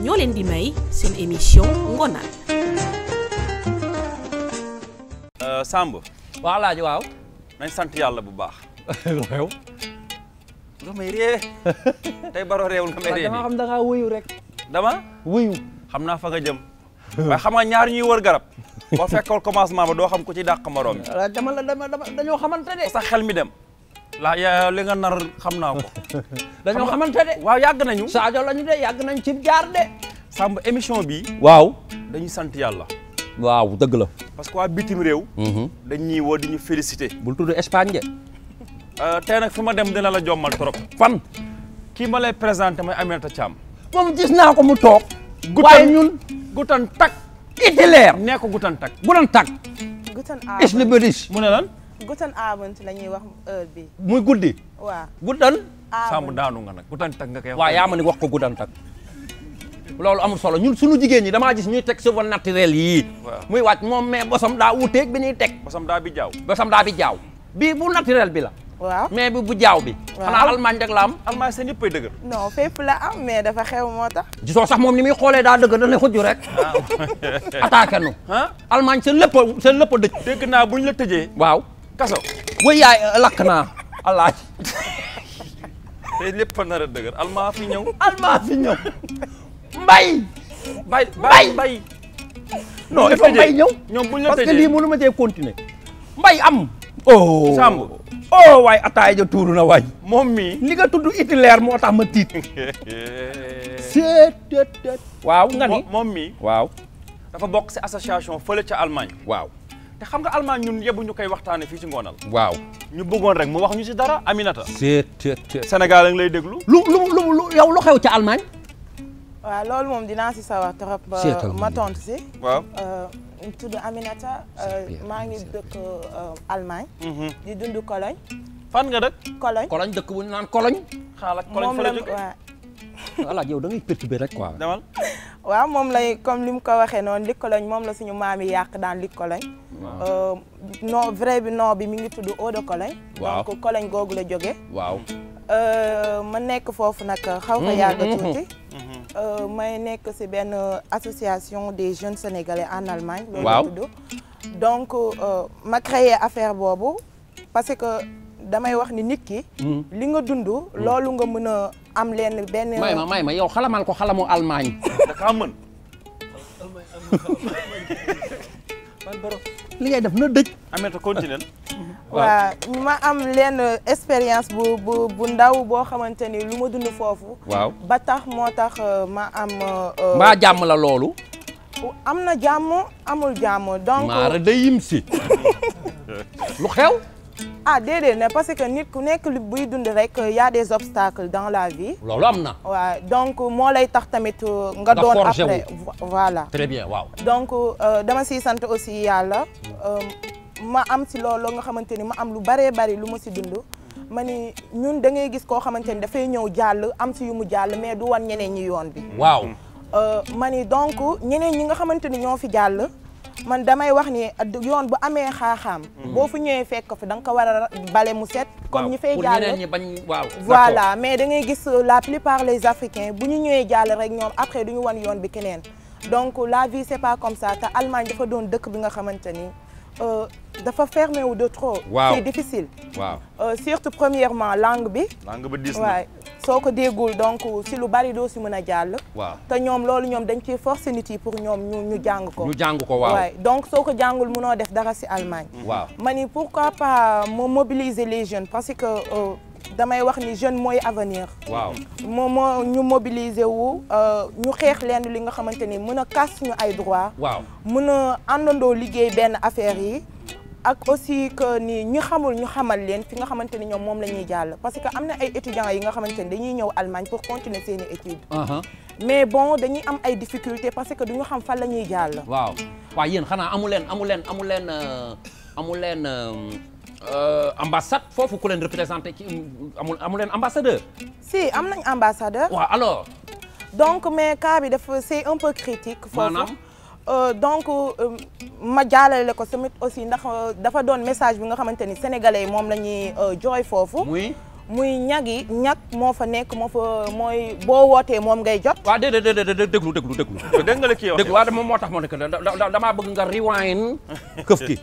ñoo leen di may seen émission ngonal. Euh, Samb. waaw Alaaji waaw. nañ sant yàlla bu baax. xew nga may réer tey baroo réewul nga may réer dama da ngaa wuyu rek. dama wuyu. xam naa fa nga jëm. waaye xam nga ñaar ñuy war garab. boo fekkoon commencement ba doo xam ko ci dàq morom. dama la dama dañoo xamante ne. sa xel mi dem. la ya li nga nar xam naa ko. dañoo xamante de. waaw yàgg nañu. Sadio ñu de yàgg nañ ci jaar de. Samb émission bi. waaw dañuy sant yàlla. waaw dëgg la. parce que waa bitim réew. Mm-hmm. dañ ñuy woo di ñu félicité. bul tudd Espagne de. Euh, tey fi ma dem dina la jommal trop. fan. kii ma lay présenté mooy Aminata Thiam. moom gis naa ko mu toog. waaye ñun gutan tak. Hitler nee ko gutan tak. gutan tak. gutan aar mu ne lan. guddan Abend la ñuy wax heure bi muy guddi. waaw guddan. Abend Samb daanu nga nag guddan tag nga koy wax. ma ni wax ko guddan tag loolu amul solo ñun suñu jigéen ñi damaa gis ñuy teg cheveux naturel yi muy wàcc moom mais bosam daa wuuteeg bi ñuy teg. bosam daa bi jaaw bosam daa bi jaaw. bii bu naturel bi la. waaw mais bi bu jaaw bi. waaw xanaa almaañ rek la am. almaañ seen yëppay dëgër. non fépp la am mais dafa xew moo tax. gisoo sax moom ni muy xoolee daa dëgër dañuy xujju rek. Ah. attaqué nu. almaañ seen lépp a seen lépp a dëj. dégg naa bu ñu la tëjee. waaw. kaso. way yaay lakk naa alaaj. tey lépp fa nar a fi ñëw. almaa fi ñëw. mbay. mbay mbay mbay. non il mbay ñëw. ñoom ñu la parce que lii mënu ma cee continuer. mbay am. oh, oh waay ataaya ja tuuru na waay. moom mii. li nga tudd Hitler moo tax ma tiit. seet waaw nga moom mii. waaw. dafa bokk ci association fële ci almaañ waaw. te xam nga almaañ ñun yebu ñu koy waxtaane fii ci ngoonal waaw ñu bëggoon rek mu wax ñu si dara Aminata seet Sénégal a lay déglu lu lu lu yow lu xew ci almaañ waaw loolu moom dinaa ci sawar trop ma tontu ci waaw euh, tudd Aminata euh, maa ngi dëkk euh, Allemagne mhm. di dund Cologne fan nga dëkk Cologne Cologne dëkk bu ñu naan Cologne xaal ak Cologne fa la alaaj yow da ngay perturbé rek quoi. waaw moom lay comme li mu ko waxee noonu likkoloñ moom la suñu maam yàq daan likkoloñ. waaw euh, non vrai bi non bi mu ngi tudd eau de cologne. waaw donc cologne googu la joge waaw. Euh, ma nekk foofu nag xaw ko yàgg mm-hmm. tuuti. Mm-hmm. Euh, may nekk si benn association des jeunes sénégalais en Allemagne. waaw loolu la tudd donc ma créé affaire boobu parce que. damay wax ni nit ki. Hmm. li nga dund. Hmm. loolu nga mën a am leen benn. may ma may ma yow xalamal ko xalamu Allemagne. dafa mën. def na dëj. amee continent. waaw ma am leen expérience bu bu bu ndaw boo xamante ni lu ma dund foofu. waaw ba tax moo tax euh, ma am. Euh, euh, mbaa jàmm la loolu. am na jàmm amul jàmm donc. maara day yim si lu xew. ah déedéet ne parce que nit ku nekk lu buy dund rek y a des obstacles dans la vie. loolu am na. waaw donc moo lay tax tamit euh, nga doon après voilà. très bien waaw. donc euh, dama siy sant aussi yàlla euh, ma am si loolu nga xamante ni ma am lu baree bari lu ma si dund. ma ni ñun da ngay gis koo xamante ni dafay ñëw jàll am si yu mu jàll mais du wan ñeneen ñi yoon bi. waaw ma donc ñeneen ñi nga xamante ni ñoo fi jàll. man damay wax ni yoon bu amee xaaxaam. Mhm. boo fu ñëwee fekk ko fi da nga ko war a bale mu set. comme ñi fay jàll bañ waaw. voilà mais da ngay gis euh, la plupart les africains bu ñu ñëwee jàll rek ñoom après du ñu wan yoon bi keneen donc la vie c'est pas comme ça te Allemagne dafa doon dëkk bi nga xamante ni. Euh, dafa fermé wu de trop. waaw c'est difficile. Euh, surtout premièrement langue bi. langue bi diis soo ko déggool donc si lu bari doo si mën a jàll. waaw te ñoom loolu ñoom dañ ciy forcer nit yi pour ñoom ñu ñu jàng ko. ñu jàng ko waaw donc soo ko jàngul munoo def dara si Allemagne. Mm. waaw ma ni pourquoi pas moo mobiliser les jeunes parce que euh, damay wax ni jeunes mooy avenir. waaw moom moo ñu mobiliser wu euh, ñu xeex leen li nga xamante ni mën a kas ñu ay droit waaw mën a àndandoo liggéey benn affaire yi. ak aussi que ni ñu xamul ñu xamal leen fi nga xamante ni ñoom moom la ñuy jàll parce que am na ay étudiants yi nga xamante ni dañuy ñëw Allemagne pour continuer seeni études uh-huh. mais bon dañuy am ay difficultés parce que duñu xam fan la ñuy jàll waaw waaw yéen xanaa amu leen amu leen amu leen euh, amu leen euh, euh, ambassade foofu ku leen représenté ci amul amu leen ambassadeur si am nañ ambassadeur waaw alors donc mais cas bi dafa c'est un peu critique foofu Euh, donc euh, ma jaalale ko tamit aussi ndax euh, dafa doon message bi nga xamante ni sénégalais yi moom la ñuy jooy foofu. muy ñag yi ñag moo fa nekk moo fa mooy boo wootee moom ngay jot. waaw déedéet déedéet déglu déglu déglu. dégg nga la kii wax déglu waaw moom moo tax moo nekk da damaa bëgg nga rewind këf ki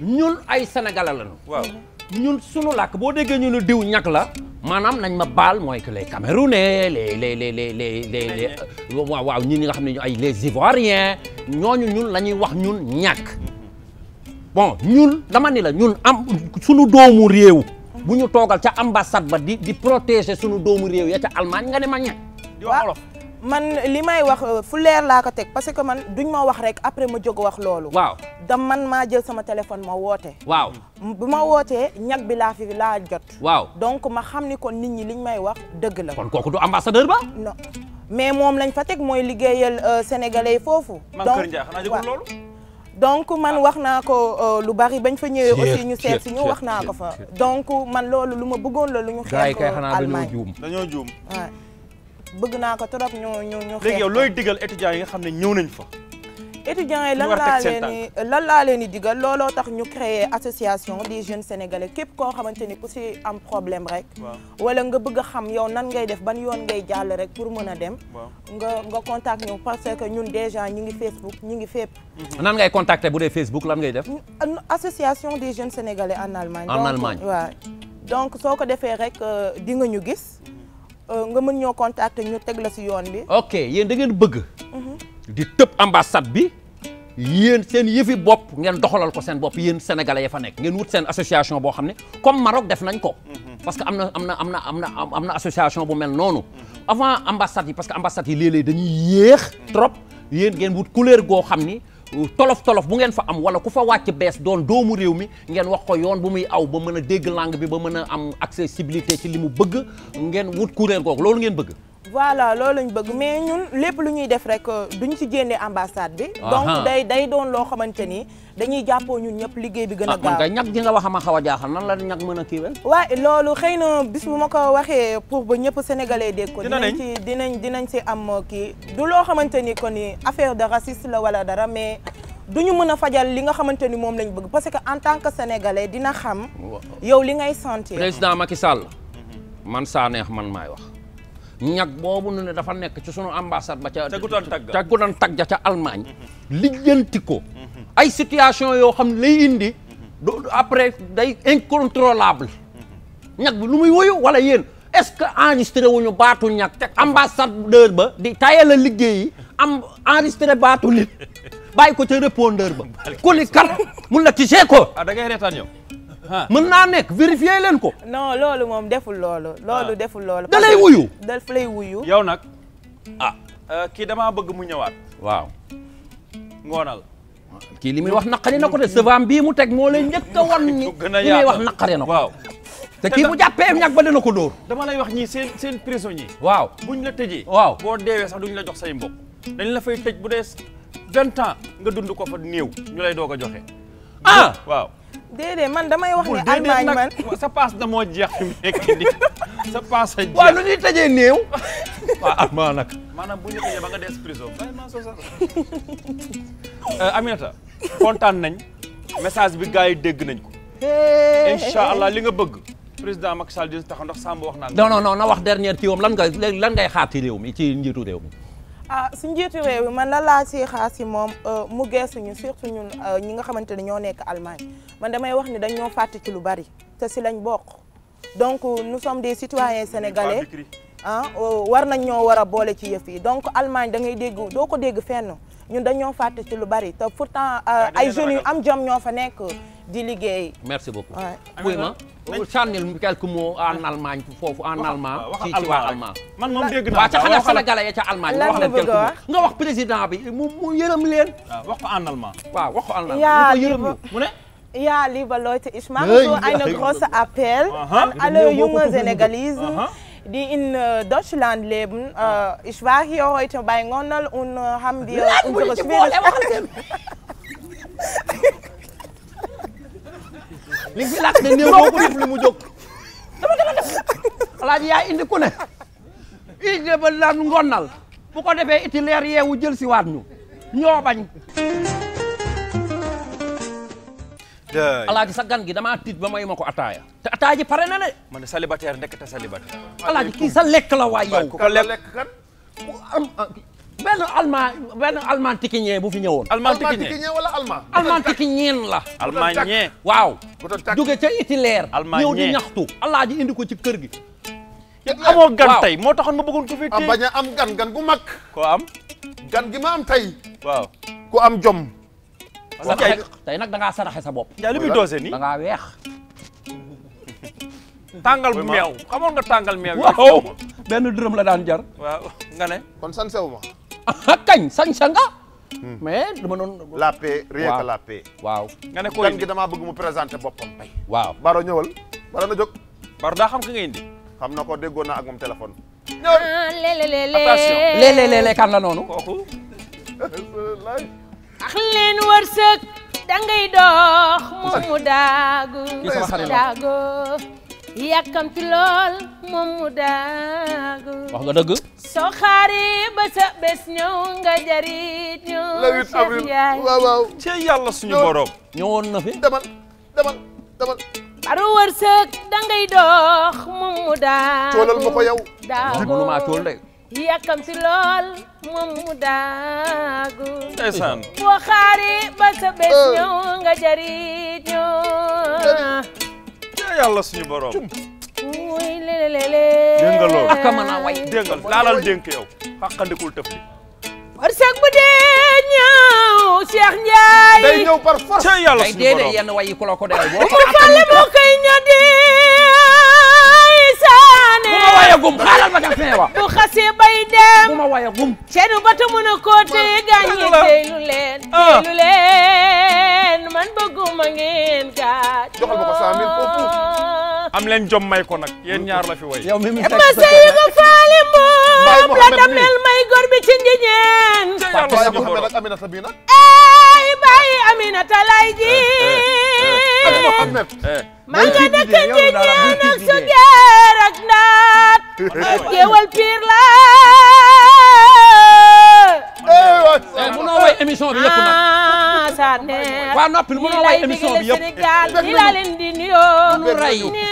ñun ay sénégalal lañu. waaw ñun sunu làkk boo déggee ñu ne diw ñag la maanaam nañ ma baal mooy que les Camerounais les les les les les les waaw waaw ñi nga xam ne ñu ay les Ivoiriens ñooñu ñun la ñuy wax ñun ñàkk bon ñun dama ni la ñun am sunu doomu réew bu ñu toogal ca ambassade ba di di protéger sunu doomu réew ya ca almaañ nga ne ma ñàkk man li may wax euh, fu leer laa ko teg parce que man duñ ma wax rek après ma jóg wax loolu. waaw da man maa jël sama téléphone ma woote. waaw bu ma wootee ñag bi laa fi laa jot. waaw donc ma xam ni kon nit ñi liñ may wax dëgg la. kon kooku du ambassadeur ba. non mais moom lañ fa teg mooy liggéeyal euh, sénégalais foofu. donc donc man wax naa ko euh, lu bari bañ fa ñëwee aussi ñu seet si ñu wax naa ko fa donc man loolu lu ma bëggoon la lu ñu xeex ko Allemagne dañoo juum dañoo juum bëgg naa ko trop ñu ñu ñu. xeex léegi yow looy digal étudiants yi nga xam ne ñëw nañ fa. étudiants yi lan laa leen di lan laa leen looloo tax ñu créer association des jeunes sénégalais képp koo xamante ni ku si am problème rek. wala nga bëgg xam yow nan ngay def ban yoon ngay jàll rek pour mën a dem. nga nga contact ñu parce que ñun déjà ñu ngi Facebook ñu ngi fépp. Mhm. nan ngay contacter bu dee Facebook lan ngay def. association des jeunes sénégalais en Allemagne. en Allemagne waaw donc soo ko defee rek euh, di nga ñu gis. Euh, nga mën ñoo contacter ñu teg la ci yoon bi. ok yéen da ngeen bëgg. Mhm. di tëb ambassade bi. yéen seen yëfi bopp ngeen doxalal ko seen bopp yéen sénégalais ya fa nekk ngeen wut seen association boo xam ne comme Maroc def nañ ko. Mhm. parce que am na am na am na am na am na association bu mel noonu. Mhm. avant ambassade yi parce que ambassade yi léeg dañuy yéex. trop yéen ngeen wut couleur goo xam ni. tolof tolof bu ngeen fa am wala ku fa wàcc bees doon doomu réew mi ngeen wax ko yoon bu muy aw ba mën a dégg langue bi ba mën a am accessibilité ci li mu bëgg ngeen wut kuréel googu loolu ngeen bëgg voilà loolu lañ bëgg mais ñun lépp lu ñuy def rek euh, du ñu ci génne ambassade bi. donc day day doon loo xamante ni dañuy jàppoo ñun ñëpp liggéey bi gën a ah, gaaw. ah ñag ji nga wax ma xaw a jaaxal nan la ñag mën a kiiwee. waaye loolu xëy na bis bu ma ko waxee pour ba ñëpp sénégalais dégg ko. dinañ ci dinañ dinañ ci am euh, kii. du loo xamante ni ko ni affaire de raciste la wala dara mais. du ñu mën a fajal li nga xamante ni moom lañu bëgg parce que en tant que sénégalais dina xam. yow li ngay sentir. président Macky Sall man saa man maay wax. ñag boobu nu ne dafa nekk ci sunu ambassade ba ca. ca gudan tag ja ca Allemagne. lijjanti ko. ay situation yoo xam ne lay indi. après day incontrôlable. ñag bi lu muy woyu wala yéen est-ce que enregistré wuñu baatu ñag te ambassadeur ba di tayala liggéey yi am enregistré baatu nit bàyyi ko ca répondeur ba. ku li mun la tisee ko. Ah, mën naa nekk vérifier leen ko. non loolu moom deful loolu. loolu ah. deful loolu. da lay wuyu daf wuyu. yow nag ah. Euh, kii damaa bëgg mu ñëwaat. waaw. ngoonal. kii li muy wax naqari na ko de sëvaam bii mu teg moo lay njëkk a wan ni li muy wax naqari na ko. waaw te kii bu jàppee ñàkk ba dina ko door dama lay wax ñii seen seen prisonnier. waaw buñ la tëjee. waaw boo deewee sax duñ la jox say mbokk. dañ la fay tëj bu dee vingt ans nga dund ko fa néew ñu lay doog a joxe. ah déedéet man damay wax ne almaañ man sa paas da moo jeex fi mu nekk di sa paas a jeex waaw lu ñuy tëjee néew waaw almaañ nag maanaam bu ñu tëjee ba nga des prison vraiment soo sa euh, Aminata kontaan nañ message bi gars yi dégg nañ ko incha allah li nga bëgg président Macky Sall dina taxaw ndax Samba wax naa no non non na wax dernière ci moom lan ngay lan ngay xaar ci réew mi ci njiitu réew mi ah su njiitu réew mi man la laa ci xaar si moom euh, mu ñu surtout ñun euh, ñi nga xamante ne ñoo nekk Allemagne man damay wax ni dañoo fàtte ci lu bari te si lañ bokk donc nous sommes des citoyens sénégalais ah euh, war nañ ñoo war a boole ci yëf yi donc Allemagne da ngay dégg doo ko dégg fenn ñun dañoo fàtte ci lu bari te pourtant ah, ay jeunes yu am jom ñoo fa nekk. di liggéey. merci beaucoup. oui ma sànnil quelques mots en allemagne foofu en allemand. ci ci waa allemand. man ca xanaa sénégalais ya ca allemagne. lan la bëgg a wax nga wax président bi mu mu yërëm leen. Ah, wax ko en allemand. yaa li mu mu ne. Ja, liebe Leute, ich an alle jungen Senegalesen, aha. die in äh, Deutschland leben. Äh, ah. ich war hier heute bei Gondel und äh, haben wir unsere schwierigkeiten. li fi mu jóg dama dama def alaaji yaa indi ku ne indi ba lan ngonnal bu ko defee iti leer yeewu jël si waat ñu ñoo bañ alaaji sa gan gi damaa tiit ba may ma ko ataaya te ataaya ji pare na de man de célibataire nekk te célibataire alaaji kii sa lekk la waay yow ko lekk kan benn allemand benn allemand tikiñee bu fi ñëwoon. allemand tikiñee wala allemand. allemand tikiñeen la. allemand ñee waaw. jóge ca itilaire. leer ñëw di ñaxtu. allah ji indi ko ci kër gi. amoo gan tey moo taxoon ma bëggoon ko fi. ah bañ a am gan gu mag. ko am. gan gi ma am tey. waaw am jom. parce que tey nag da ngaa saraxe sa bopp. yaa li muy doose ni da ngaa weex. tàngal meew xamoon nga tàngal meew. waaw benn dërëm la daan jar. waaw nga ne kon san sew ma. kañ sañ-sañ nga. Hmm. mais dama doon. la la paix. waaw nga ne ko indi bëgg mu présenter boppam. waaw Baro ñëwal Baro na jóg. Baro daa xam ki nga indi. xam na ko déggoon naa ak moom téléphone. ñëw ah, léeg kan la noonu. kooku. ak leen wërsëg dangay dox moom mu daagu. daagu yàkkamti lool moom mu daagu. nga dëgg. soo xaaree ba sa bés ñëw nga jariit ñu. le 8 avril waaw waaw. suñu borom. ñëwoon na fi demal demal demal. baru wërsëg dangay dox moom mu daaw. toolal ma ko yow. daagu. boo xaaree ba sa eh. ñëw nga jariit ñu. ci yàlla suñu borom. muy lelelele. a way. laalal dénk yow xàqandikul tëf bu dee ñëw Cheikh Ndiaye. day ñëw par force. ca yàlla suñu borom yenn way yi ku saane. bu ma gum xaaral ma dem bu xasee bay dem. bu bata mën a koo téye ah. leen. man bëgguma ngeen ma ko 100000 am leen jom may ko nag yéen ñaar la fi way ma sey ko faale moom la damel may góor bi ci njëñeen baay Mouhamed ak Aminata bi nag ay eh, eh, eh, ak Mouhamed ma ak sugeer ak naat piir la mënoo way émission bi ah, la leen di nuyoo nu ray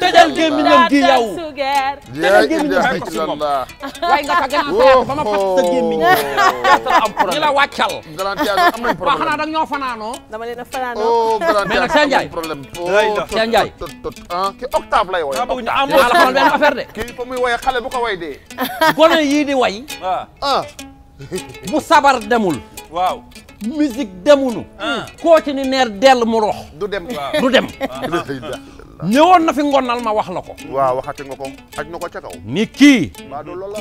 tëjal gémmiñam gi yow tëjal gémmiñam ba ma fas ñoo fanaanoo dama leen a fanaanoo oh, oh, ah, ki octave lay woy maa la xamal benn affaire de kii fa muy woy xale bu ko way dee gone yii di way ah. bu sabar demul waaw musique demunu ah. koo ci ni neer dell mu rox du dem du dem ñëwoon na fi ngonal ma wax la ko waaw waxati nga ko aj na ko ca kaw ni kii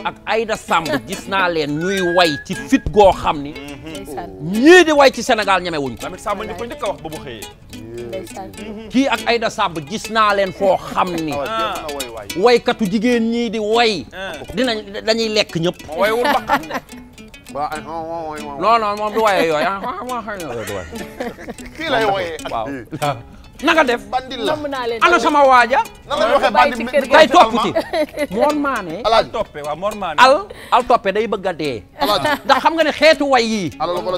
ak Aïda Samb gis naa leen ñuy way ci fit goo xam ni mm-hmm. ñii di way ci senegal ñeme wuñ Samb ko njëkk wax ba mu xëyee mm-hmm. kii ak Aïda Samb gis naa leen foo xam ni ah, waykatu jigéen ñii di way ah. dinañ dañuy lekk ñëpp non moom du waaye yooyu ah waaw waaw. kii lay wooyee. naka def. bandil la ana sama waaja. nan la ñu waxee day topp ci. moor maane. al toppe waaw al toppe day bëgg a dee. ndax xam ga ne xeetu way yii.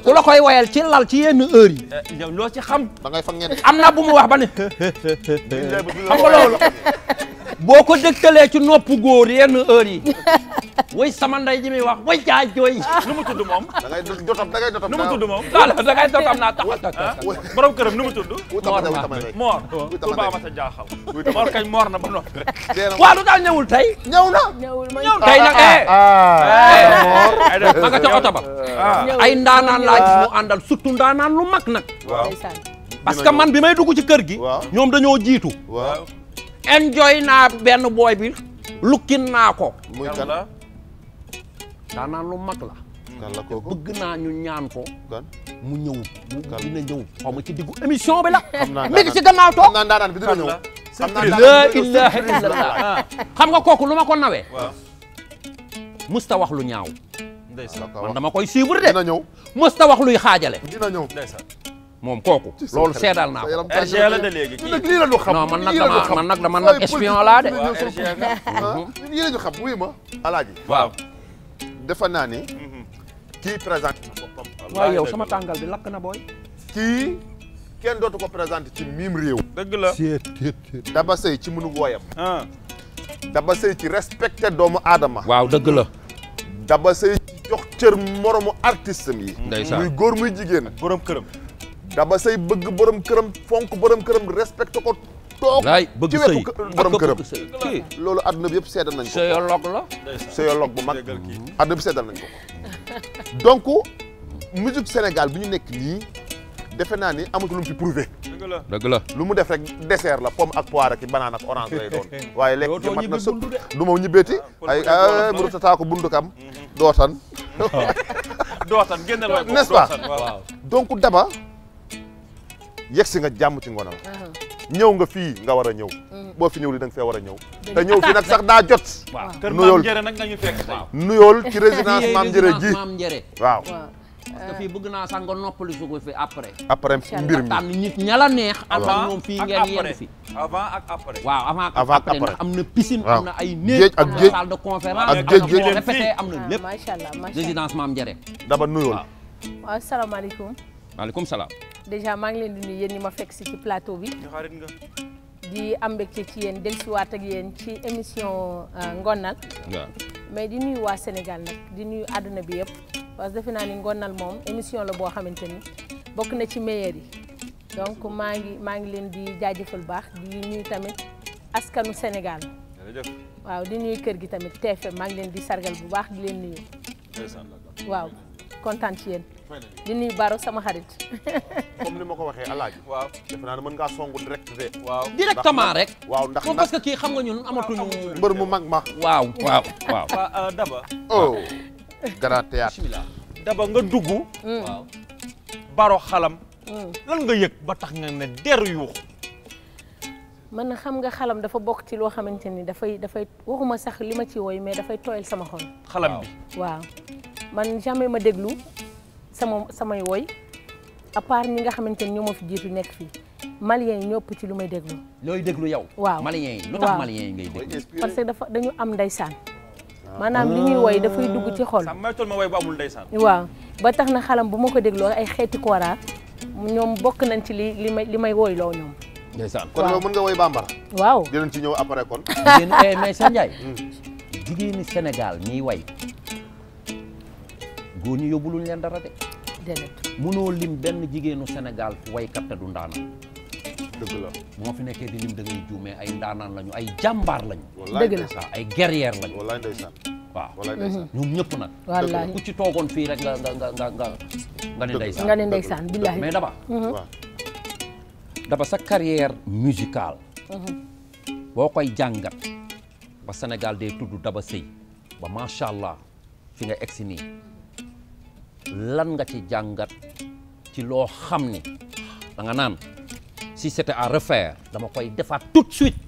ku la koy wayal ci lal ci yenn heure yi. Eh, loo ci xam. da ngay fa am na bu mu wax ba ne. xam nga loolu. boo ko dëgtalee ci nopp góor yenn heure yi way sama nday ji muy wax way caa jooy nu mu tudd moom da ngay dotam da ngay dotam nu mu tudd moom da ngay dotam naa taxa ah, ah. borom këram nu mu tudd moor ku baa ma sa jaaxal moor na ba noppi rek waaw lu tax ñëwul tey ñëw na ñëw tey nag eh, ah, eh. ma nga ca oto ay ndaanaan laa mu àndal surtout ndaanaan lu mag nag parce que man bi may dugg ci kër gi ñoom dañoo jiitu enjoy naa benn booy bi lukkin naa ko. muy kan lu mag la. kan la bëgg naa ñu ñaan ko. mu ñëw. kan dina ñëw xaw ma ci diggu émission bi la. xam naa mi ngi ci gannaaw toog. xam naa bi dina ñëw. xam naa ah. lu ma ko nawee. musta wax lu ñaaw. man dama koy suivre de. dina ñëw musta wax luy xaajale. dina ñëw moom kooku loolu seedal naa ko. RG la de léegi kii nag lii la ñu xam non man nag damaa man nag man nag espion laa de. waaw RG la lii la ñu xam wuyu ma. alaaji waaw. defe naa ni. Mm-hmm. kii présenté na boppam. waaw yow sama tàngal bi lakk na booy. kii kenn dootu ko présenté ci miim réew. dëgg la Daba Seye ci mënu wooyam. Ah. Daba Seye ci respecté doomu aadama. waaw dëgg la. Daba Seye ci jox cër moromu artiste am yi. ndeysaan muy góor muy jigéen. borom këram. daba sëy bëgg borom këram fonk borom këram respecté ko toog ci wetu borom këram loolu àdduna bi yëpp seddal nañ ko séyologue la séyologue bu mag àdduna bi seedal nañ ko donc musique Sénégal bi ñu nekk nii defe naa ni amatu lu mu fi prouvé lu mu def rek dessert la pomme ak poire ak banaan ak orange lay doon waaye lekk gi mat na sëpp du ma ñibbeeti ah, ay ah, muru tataa ko bundu kam mm-hmm. dootan dootan génnal daba yegg si nga jàmm ci ngonal uh-huh. ñëw nga fii nga war a ñëw mm. boo fi ñëw li da fee war a ñëw te ñëw fi nag sax daa jot nuyool nuyool ci résidence maam njëre ji waaw parce que euh, fii bëgg naa sax nga noppali suko fi après après mbir mi tànn nit neex ànd ak ñoom fii ngeen yenn fi avant ak après waaw avant ak après am na piscine am na ay néeg am na salle de ak géej géej répété am na ah, lépp macha allah résidence Mame Ndiaré daba nuyool waaw asalaamaaleykum waaleykum salaam déjà maa ngi leen di nuyu yéen ñi ma fekk si ci plateau bi. di am mbégte ci yéen dellusiwaat ak yéen ci émission euh, ngonal mais di nuyu waa Sénégal nag di nuyu àdduna bi yëpp parce defe naa ni ngonal moom émission la boo xamante ni bokk na ci meilleure yi donc maa ngi maa ngi leen di jaajëfal baax di nuyu tamit askanu Sénégal. waaw di nuyu kër gi tamit TFM maa ngi leen di sargal bu baax di leen nuyu. waaw. kontaan ci yéen. di nuyu Baro sama xarit. comme ni ma ko waxee alaaji. waaw defe naa ne mën ngaa songu direct de. waaw directement rek. waaw ndax moom parce que kii xam nga ñun amatuñu. mbër mu mag ma. waaw waaw waaw. waaw euh, Daba. oh. grand théâtre Daba nga dugg. Mm. Baro xalam. Mm. lan nga yëg ba tax nga ne der yuux man xam nga xalam dafa bokk ci loo xamante ni dafay dafay waxuma sax li ma ci woy mais dafay tooyal sama xol. xalam bi waaw. man jamais ma déglu sama samay woy à part nga xamante ni ñoo ma fi jiitu nekk fii maliens yi ñëpp ci lu may déglu. looy déglu yow. waaw maliens yi lu tax maliens yi ngay déglu. parce que dafa dañu am ndeysaan. Ah. maanaam li ñuy woy dafay dugg ci xol. sàmm maytul ma woy bu amul ndeysaan. waaw ba tax na xalam bu ma ko dégloo ay xeeti kora ñoom bokk nañ ci li li may li may woyloo ñoom. ndeysaan kon yow mën nga woy bambara waaw dinañ ci ñëw après kon eh, mais sa Ndiaye hmm. jigéeni Sénégal ñiy way góor ñi yóbbuluñ leen dara de mënoo lim benn jigéenu Sénégal way te du ndaanaan la moo fi nekkee di lim da ngay juumee ay ndaanaan lañu ay jàmbaar lañu dëgg la ay guerrière lañu waaw ñoom ñëpp nag wallaahi ku ci toogoon fii rek nga nga nga nga nga ni ndeysaan nga ni ndeysaan billaahi daba daba sa carrière musicale mhm. boo koy jàngat ba Sénégal day tudd Daba Sëy ba macha allah fi nga egsi nii lan nga ci jàngat ci loo xam ni danga naan si c'était à refaire dama koy defaat tout de suite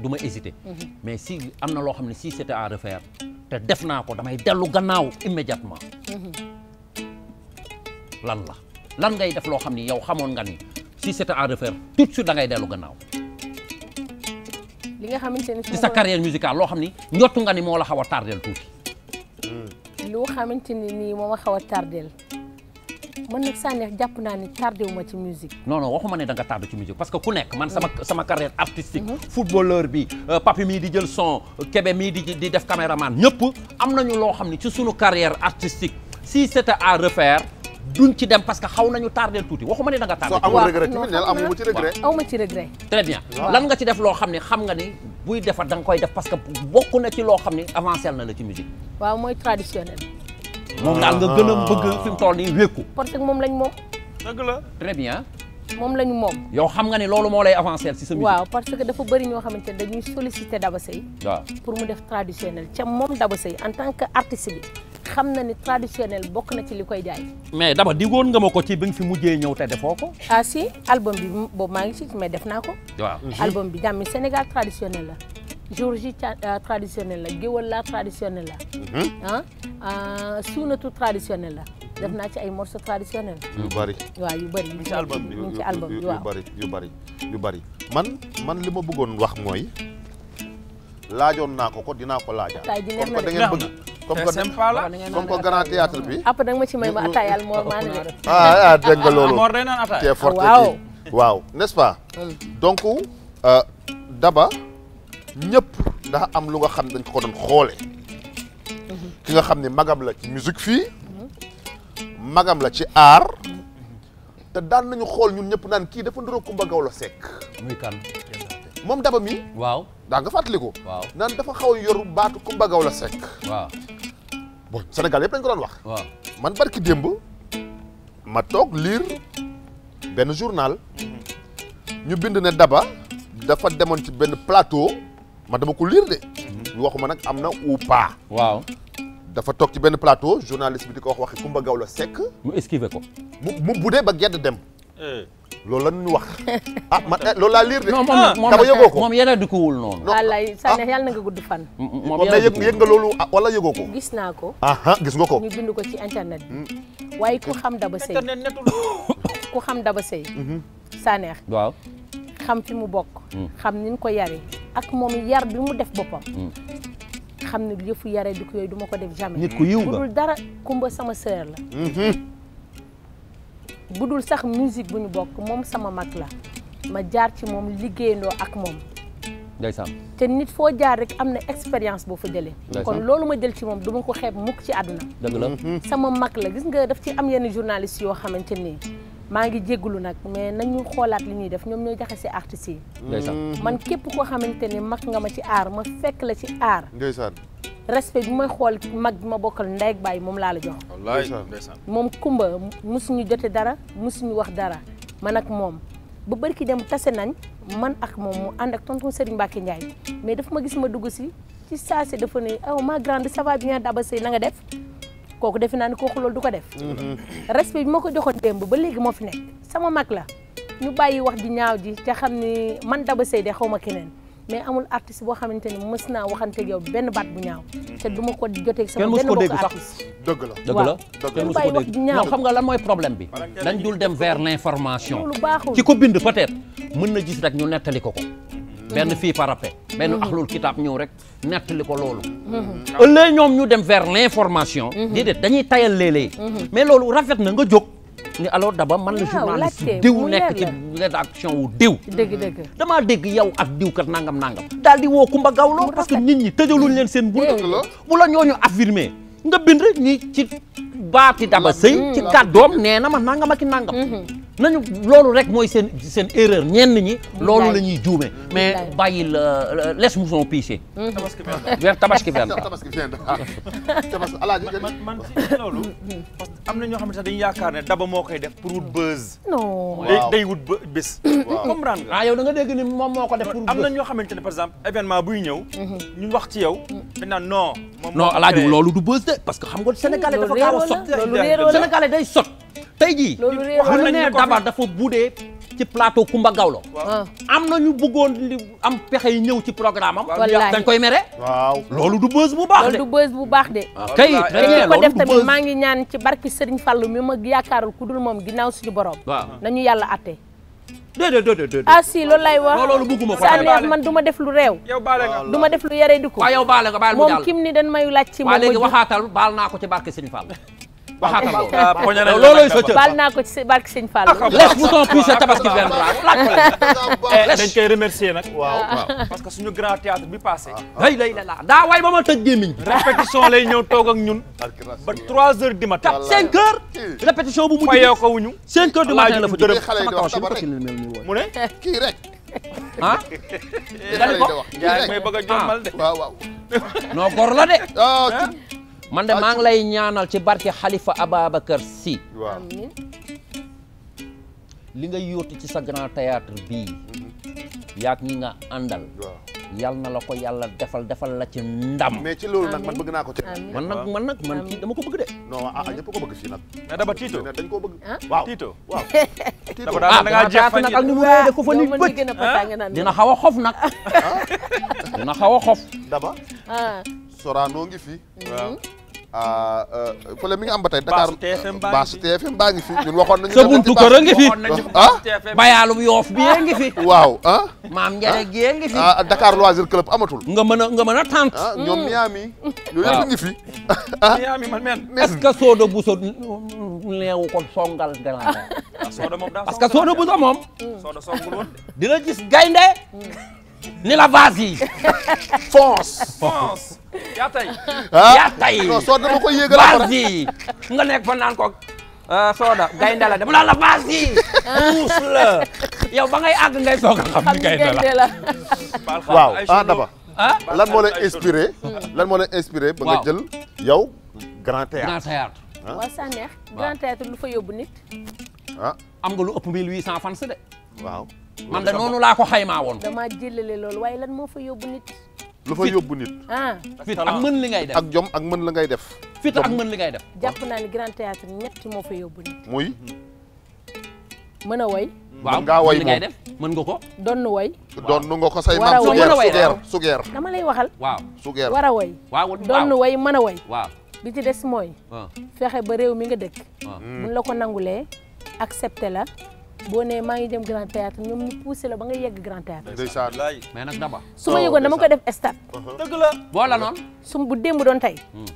du ma hésiter mhm. mais si am na loo xam ne si c'était à refaire te def naa ko damay dellu gannaaw immédiatement mhm. lan la lan ngay def loo xam ni yow xamoon nga ni si c'était à refaire tout de suite da dellu gannaaw. li nga xamante ni ci sa carrière musicale loo xam ni njottu nga ni moo la xaw a tardel tuuti. loo xamante ni nii moo a xaw a tardel man nag Sanekh jàpp naa ni tardé wu ci musique. non non waxuma ne danga nga ci musique parce que ku nekk man sama mm. sama carrière artistique. Mm-hmm. footballeur bi euh, papi mii di jël son kebe mii di di def caméraman ñëpp am nañu loo xam ne ci sunu carrière artistique si c'était à refaire. duñ ci dem parce que xaw nañu tardé tuuti waxuma ne da nga tardé. waaw amul ci regret aw ma ci lan nga ci def loo xam ni xam nga ni buy defar da koy def parce que bokk na ci loo xam ne avancé na la ci musique. waaw mooy traditionnel. moom daal nga gën a ah. bëgg fi mu nii wékku. parce que moom lañ moom. dëgg la très bien. moom lañu moom. yow xam nga ne loolu moo lay avancé ci sa musique. dafa bëri ñoo xamante ne dañuy sollicité Daba Seye. waaw pour mu def traditionnel ca moom Daba Seye en tant que artiste bi. xam na ni traditionnel bokk na ci li koy jaay. mais dama digoon nga ma ko ci bi nga fi mujjee ñëw te defoo ko. ah si album bi maa ngi ci mais def naa ko. waaw mhm. album bi jàmmi Sénégal traditionnel la. jour ji euh, traditionnel la géwal la traditionnel la. Mhm. ah euh, suunatu traditionnel la. def naa ci ay morceaux traditionnels. yu bari waaw yu bari. ci album bi ci album bi waaw yu bari yu bari yu bari man man li ma bëggoon wax mooy laajoon naa ko ko dinaa ko laajaat. tay ji neex na de kon bëgg. comme que dem comme que grand théâtre bi. après danga ma ci may ma ataayaal Mor maa ne ah ah dégg nga loolu. Mor day naan ataay te forte kii waaw n'est-ce pas. donc euh, daba ñëpp daa am lu nga xam dañ ko doon xoole ki nga xam ne magam la ci musique fii. magam la ci aar. te daan nañu xool ñun ñëpp naan kii dafa ndoro Kumba Gawlo Seck. muy kan moom daba mi waaw. daa nga fàttaliku. waaw naan dafa xaw a yor baatu Kumba Gawlo Seck. waaw bon Sénégal yëpp dañ ko doon wax. waaw man barki démb ma toog liir benn journal ñu bind ne Daba dafa demoon ci benn plateau ma dama ko lire de. Mhm. ñu waxuma nag am na ou waaw dafa toog ci benn plateau journaliste bi di ko wax waxi Kumba Gawlo Seck. mu ko. mu mu ba gedd dem. Eh. loolu la ñu wax ah man eh, loolu laa liir de. non moom ah, dama yëgoo ko moom yàlla dugguwul noonu. wallaay ah, Sané yàlla na nga gudd fan. moom yàlla dugguwul yëg nga loolu ah, wala yëgoo ko. gis naa ko. gis nga ko. ñu bind ko ci internet bi. Hmm. waaye ku xam Daba Seye ku xam Daba Seye. Mhm. Sané. xam fi mu bokk. Hmm. xam ni ko yare ak moom yar bi mu def boppam. Hmm. xam ni yëfu yare du ko yooyu du ma ko def jamais. nit ku yiw nga dara kumba sama sœur la. Mhm. bu dul sax musique bu ñu bokk moom sama mag la ma jaar ci moom liggéeyandoo ak moom. ndeysaan te nit foo jaar rek am na expérience boo fa jëlee. kon loolu ma jël ci moom duma ko xeeb mukk ci àdduna. dëgg la mm-hmm. sama mag la gis nga daf ci am yenn journaliste yoo xamante ni. maa ngi jégalu nag mais nañu xoolaat li ñuy def ñoom ñooy jaxase artistes yi. ndeysaan mm-hmm. man képp koo xamante ni mag nga ma ci aar ma fekk la ci aar. ndeysaan respect bi may xool mag bi ma bokkal ndey ak moom laa la jox. wallaay ndeysaan moom Kumba mosuñu jotee dara mosuñu wax dara man ak moom. ba bari ki dem tase nañ man ak moom mu ànd ak ton Serigne Mbacke Ndiaye mais dafa ma gis ma dugg si ci saase dafa ne aw oh, ma grande ça va bien Daba Seye na nga def. kooku defe naa ne kooku loolu du ko def respect bi ma ko joxoon démb ba léegi moo fi nekk sama mag la ñu bàyyi wax ji ñaaw ji ca xam ni man Daba Sey de xaw ma keneen mais amul artiste boo xamante ni mës naa waxante yow benn baat bu ñaaw te du ma ko jotee sama benn mbokk artiste dëgg la dëgg la wax ji ñaaw non xam nga lan mooy problème bi dañ dul dem vers l'information ci ko bind peut mën na gis rek ñu nettali ko ko benn fii parapé benn mhm. axlul kitaab ñëw rek nettali ko loolu ëllëg mhm. ñoom ñu dem vers l'information mhm. déedéet dañuy tayal léeg-léeg mais loolu rafet na nga jóg ni alors Daba man la journaliste diw nekk ci rédaction wu diw dëgg dëgg hmm. damaa dégg yow ak diw kat nangam nangam daal di woo Kumba Gawlo parce que nit ñi tëjaluñ leen seen bunt bu la ñooñu affirmé nga bind ni ci baati Daba Seye ci kàddoom nee na ma nangam ak i nangam nañu loolu rek mooy seen seen erreur ñenn ñi. loolu la ñuy juume mais bàyyi la les mousson piché. tabaski benn tabaski benn tabaski benn ah. tabaski alaaji man man ci loolu. parce que am na ñoo xam ne sax dañuy yaakaar ne daba moo koy def pour wut buzz. non day wut bés. comprendre nga. ah yow da nga dégg ni moom moo ko def pour am na ñoo xamante ne par exemple événement buy ñëw. Mhm. ñu wax ci yow. Mhm. dañ naan non. moom non alaaji loolu du buzz de parce que xam nga sénégalais dafa gaaw a sot. loolu réeroo la sénégalais day sot. tey jii xam nañ ne Daba dafa buddee ci plateau Kumba Gawlo ah. am na ñu bëggoon li am pexe yi ñëw ci programme am dañ koy mere loolu du bës bu baax de loolu bu baax de ah. kay dañu ko def maa ngi ñaan ci barki Sëriñ Fallu mi ma yaakaarul ku dul moom ginnaaw suñu borom nañu yàlla atte déedéet déedéet ah si loolu lay wax loolu bëgguma ma def lu réew yow baale nga ma def lu yare di ko waaw yow baale nga baal mu jàll moom kim ni dañ mayu laaj moom waxaatal baal naa ko ci barki Sëriñ Fallu waxaatal loolu loolooy sa cër baal naa ko ci barke Sëñ Fall laisse mouton puis sa tabaski viendra dañ koy remercier nag waaw parce que suñu grand théâtre bi passé lay lay la daa waay ba ma tëj gémmiñ répétition lay ñëw toog ak ñun ba trois heures du matin cinq heures répétition bu mujj fayoo ko wuñu cinq heures du matin la fa jël mu ne kii rek ah. dali ko jaay may bëgg a jommal de. Ah. waaw de. Ah, man de maa ngi lay ñaanal ci barke Khalifa Ababacar Sy. waaw li nga yóotu ci sa grand théâtre bii. Mm-hmm. yaag ñi nga àndal. yal na la ko yàlla defal defal la ci ndam. mais ci loolu nag man bëgg naa ko ci. man nag man nag man kii dama ko bëgg de. non ah, ah ñëpp ko bëgg fii nag. mais daba Tito bëgg. Ah? waaw Tito waaw. Tito ah dama taata nag ak ni mu réeré ko fa nit bët dina xaw a xof nag. Ah. dina xaw a xof. daba. ngi fi. Mm-hmm. Euh, euh, fële mi ngi am ba tey Dakar Basse TFM baa ngi fi ñun waxoon nañu sa buntu kër a ngi fi ah bayaalum yoof bi a ngi fi waaw ah maam njare ah? gi fi ah Dakar Loisir Club amatul nga mën nga mën a tant ah, ñoom hmm. Miami yooyu yëpp ngi fi ah Miami ko songal galaana ah, parce que Soda Bousso moom Soda songul dina gis gaynde hmm. ni la vase yi. fonce. fonce yaa tey. Ah. yaa tey soo dama ko nga nekk fa naan ko. Euh, soda gaynde la dama naan la vase muus ah. la yow ba ngay àgg ngay soog a xam ni gaynde waaw ah Daba. Ah. lan moo lay inspiré. nga jël yow. grand théâtre grand théâtre. lu fa yóbbu nit. am nga lu ëpp 1800 fans de. waaw. man da noonu laa ko xaymaa woon. damaa jëlale loolu waaye lan moo fa yóbbu nit. lu fa yóbbu nit. ah fit ak ah, li ngay def ak jom ak mën la ngay def. fit ak mën li ngay def. jàpp naa ni grand théâtre ñett moo fa yóbbu nit. muy. mën a woy. waaw ngaa woy moom mën nga ko. donn woy. donn nga ko say sugeer dama lay waxal. waaw sugeer war a woy. waaw donn woy mën a woy. waaw bi ci des mooy. Ah. fexe ba réew mi nga dëkk. Ah. buñ la ko nangulee accepté la. boo nee maa ngi dem grand théâtre ñoom ñu poussé la ba nga yegg grand théâtre ndeysaan ma nag daba su ma yëgoon ko def stade uh-huh. dëgg boo la noon su bu démb doon tey hmm.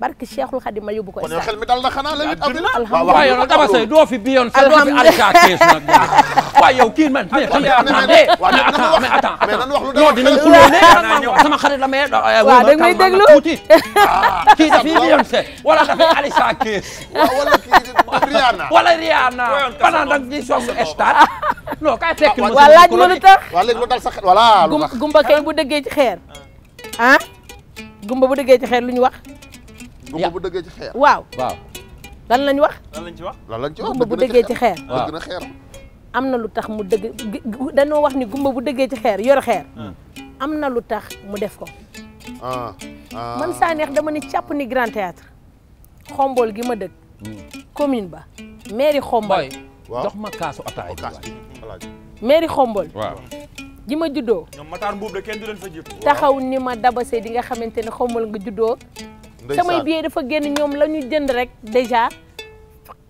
barke Cheikhul Khadim ma yóbbu ko stade kon xel mi dal na la nit abdul alhamdulilah yow daba say doo fi biyoon sa doo fi alka kees nag waaye yow kii man mais attendez mais attends mais attends mais nan wax lu da euh, nga may déglu tuuti ah. kii dafi biyoon se wala dafi alka kees wala Rihanna wala Rihanna. xanaa da nga ciy songu stade. non kay ah, fekk na. ma lu gumba kay bu dëggee ci xeer. Ah? ah gumba bu dëggee ci xeer lu ñu wax. gumba bu dëggee ci wax. lan lañ ci wax lan lañ ci gumba bu dëggee ci xeer. am na lu tax mu dëgg dañoo wax ni gumba bu dëggee ci xeer yor xeer. Hmm. am na lu tax mu def ko. Ah, man saa dama ni càpp ni grand théâtre xombool gi ma dëkk commune ba mairie xombal jox ma kaasu ataay mairie xombal ji ma juddoo ñoom Matar Mbuub de taxaw ni ma dabase di nga xamante ne xombal nga juddoo samay billet dafa génn ñoom la ñu jënd rek déjà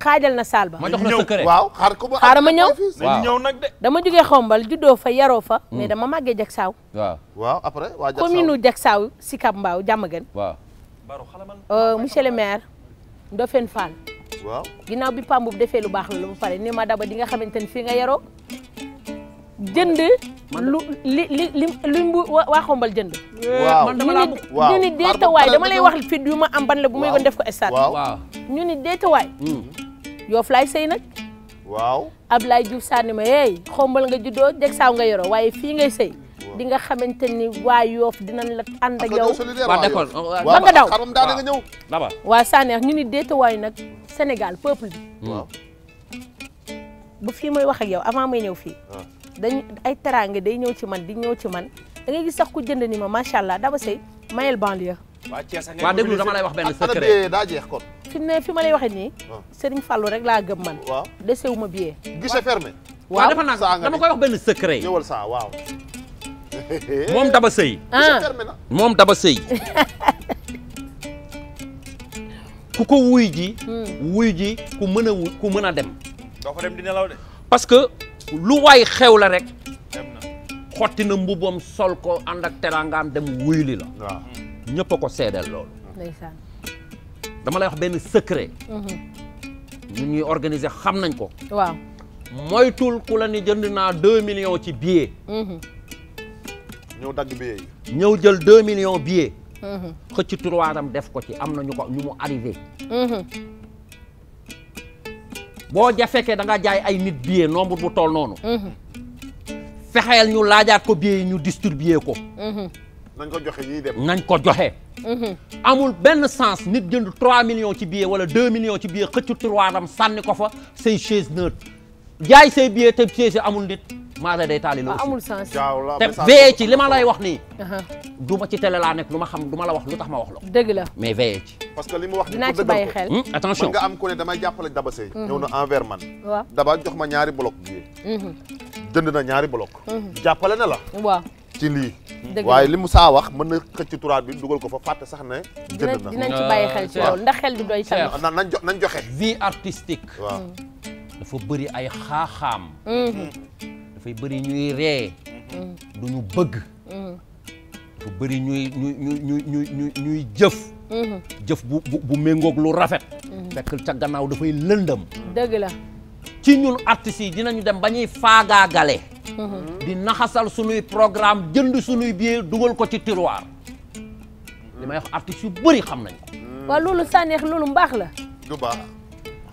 xaajal na saal ba ma jox la sa kër waaw xaar ma ñëw waaw ñëw nag de dama jógee xombal juddoo fa yaroo fa mm. mais dama màggee jak saaw waaw waaw après commune u jak saaw Sicap Mbao jàmm gën euh, le maire Ndofène Fall. waaw ginnaaw bi Pam bu defee lu baax la ba pare ni ma daba di nga xamante ni fii nga yaroo jënd. lu li li li li waa xombal jënd. waaw man la ñu ni deetawaay dama lay wax fit yu ma am ban la bu may gën def ko stade. waaw ñu ni deetawaay. Hmm. Yoff laay say nag. waaw Ablaye Diouf Sane ma yeey xombal nga juddoo jeg saaw nga yoroo waaye fii ngay say di nga xamante ni waa Yoff dinañ la ànd ak yow waaw daw daa nga ñëw waa Saneex ñu ni déetawaay nag Sénégal peuple bi hmm. bu fii mooy wax ak yow avant may ñëw fii ah. dañ ay teraanga day ñëw ci man di ñëw ci man da gis sax ko jënd ni ma macha allah daba sëy mayel banlieue waa déglu dama lay wax benn ah, secret daa jeex kon fi ma lay waxee nii ah. Serigne Fallou rek laa gëm man desewu ma billet guichet fermé waaw dafa nag dama koy wax benn secret ñëwal moom Daba Seye. Ah. moom Daba Seye. ku ko wuy ji. Hmm. wuy ji ku mën a wuy ku mën a dem. doo ko dem parce que lu waay xew la rek. xotti na mbubbom sol ko ànd ak teraangaam dem wuyuli la. waaw a ko seedeel loolu. ndeysaan. dama lay wax benn secret. Mhm. ñun ñuy organiser xam nañ ko. waaw moytul ku la ni jënd naa deux millions ci billet. Mhm. ñëw dagg billets yi. ñëw jël 2 millions billets. Mhm. xëcc turuwaaram def ko ci am na ñu ko ñu mu arrivé. Mhm. boo ja fekkee da nga jaay ay nit billet nombre bu toll noonu. Mhm. fexeel ñu laajaat ko billet yi ñu distribuer ko. nañ ko joxe ñuy dem nañ ko joxe. amul benn sens nit jënd 3 millions ci billet wala 2 millions ci billet xëcc turuwaaram sànni ko fa say chaise neutre. jaay say billet te siège amul taali loolu amul sens te veillé ci li ma lay wax nii uh-huh. du ma ci tele laa nekk lu ma xam du ma la wax lu tax ma wax la dëgg la mais veillé ci parce que li mu wax dinaa ci bàyyi xel hmm? attention nga am ku ne damay jàppale hmm. man daba jox ma ñaari bloc billet hmm. jënd na ñaari bloc jàppale na la waaw ci lii waaye li mu saa wax mën na xëcc turaat bi dugal ko fa fàtte sax ne jënd na dinañ ci bàyyi xel euh, ci loolu ndax xel du doy tamit nañ joxe vie artistique dafa bëri ay xaaxaam dafay bëri ñuy ree du ñu bëgg dafa bëri ñuy ñuy ñuy ñuy jëf jëf bu bu méngoog lu rafet fekk ca gannaaw dafay lëndëm dëgg la ci ñun artistes yi dinañu dem ba ñuy faagaagale di naxasal sunuy programme jënd sunuy billet dugal ko ci tiroir li may wax artistes yu bëri xam nañ ko waaw loolu sànneex loolu mbaax la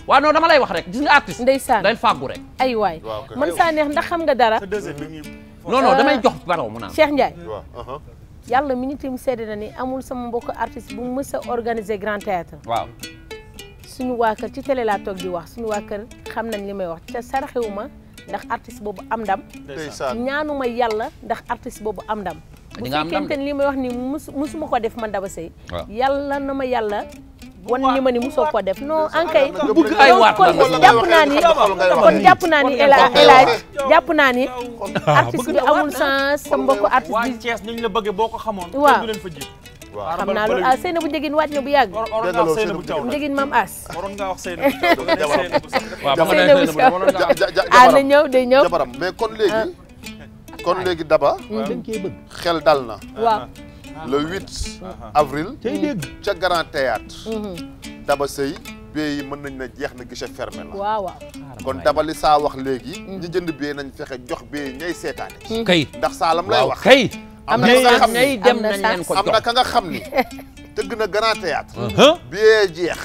waaw non dama lay wax rek gis nga artiste. ndeysaan day fàggu rek. ay waay man saa neex ndax xam nga dara. non non damay ah. jox baraw mu naan. Cheikh Ndiaye. Uh-huh. yàlla mi ñu tim seede na ni amul sama mbokk artiste bu mës a organiser grand théâtre waaw suñu waa kër ci tele la toog di wax suñu waa kër xam nañ li may wax te saraxewu ma ndax artiste boobu am ndam. ma yàlla ndax artiste boobu am ndam. bu fekkente ni li may wax ni mus musuma ko def man Daba Seye. yàlla na ma yàlla. wan ni ma ni mosoo ko def non ankay kon jàpp naa ni kon jàpp naa ni El Hadj jàpp naa ni artiste bi amul sens sa mbokk artiste bi Thiès ñu la bëggee boo ko xamoon waaw du leen xam naa loolu ah Seynabou Njëgin waaj na bu yàgg. waroon naa wax Seynabou Thiaw Njëgin maam As. waroon naa wax Seynabou Thiaw Seynabou Thiaw ah na ñëw day ñëw. jabaram mais kon léegi. Ah. kon léegi daba. Mm. xel dal na. waaw. le 8 avril ca Grand Théâtre mhm. Daba Seye bee yi mën nañ na jeex na guichet fermé la waaw waaw kon Daba li saa wax léegi mhm. ñi jënd bee nañ fexe jox bee ñay seetaane mhm. kay ndax saalam lay wax kay am na ka xam ni dem nañ leen ko am na ka nga xam ni tëgg na grand théâtre uh-huh. biyee jeex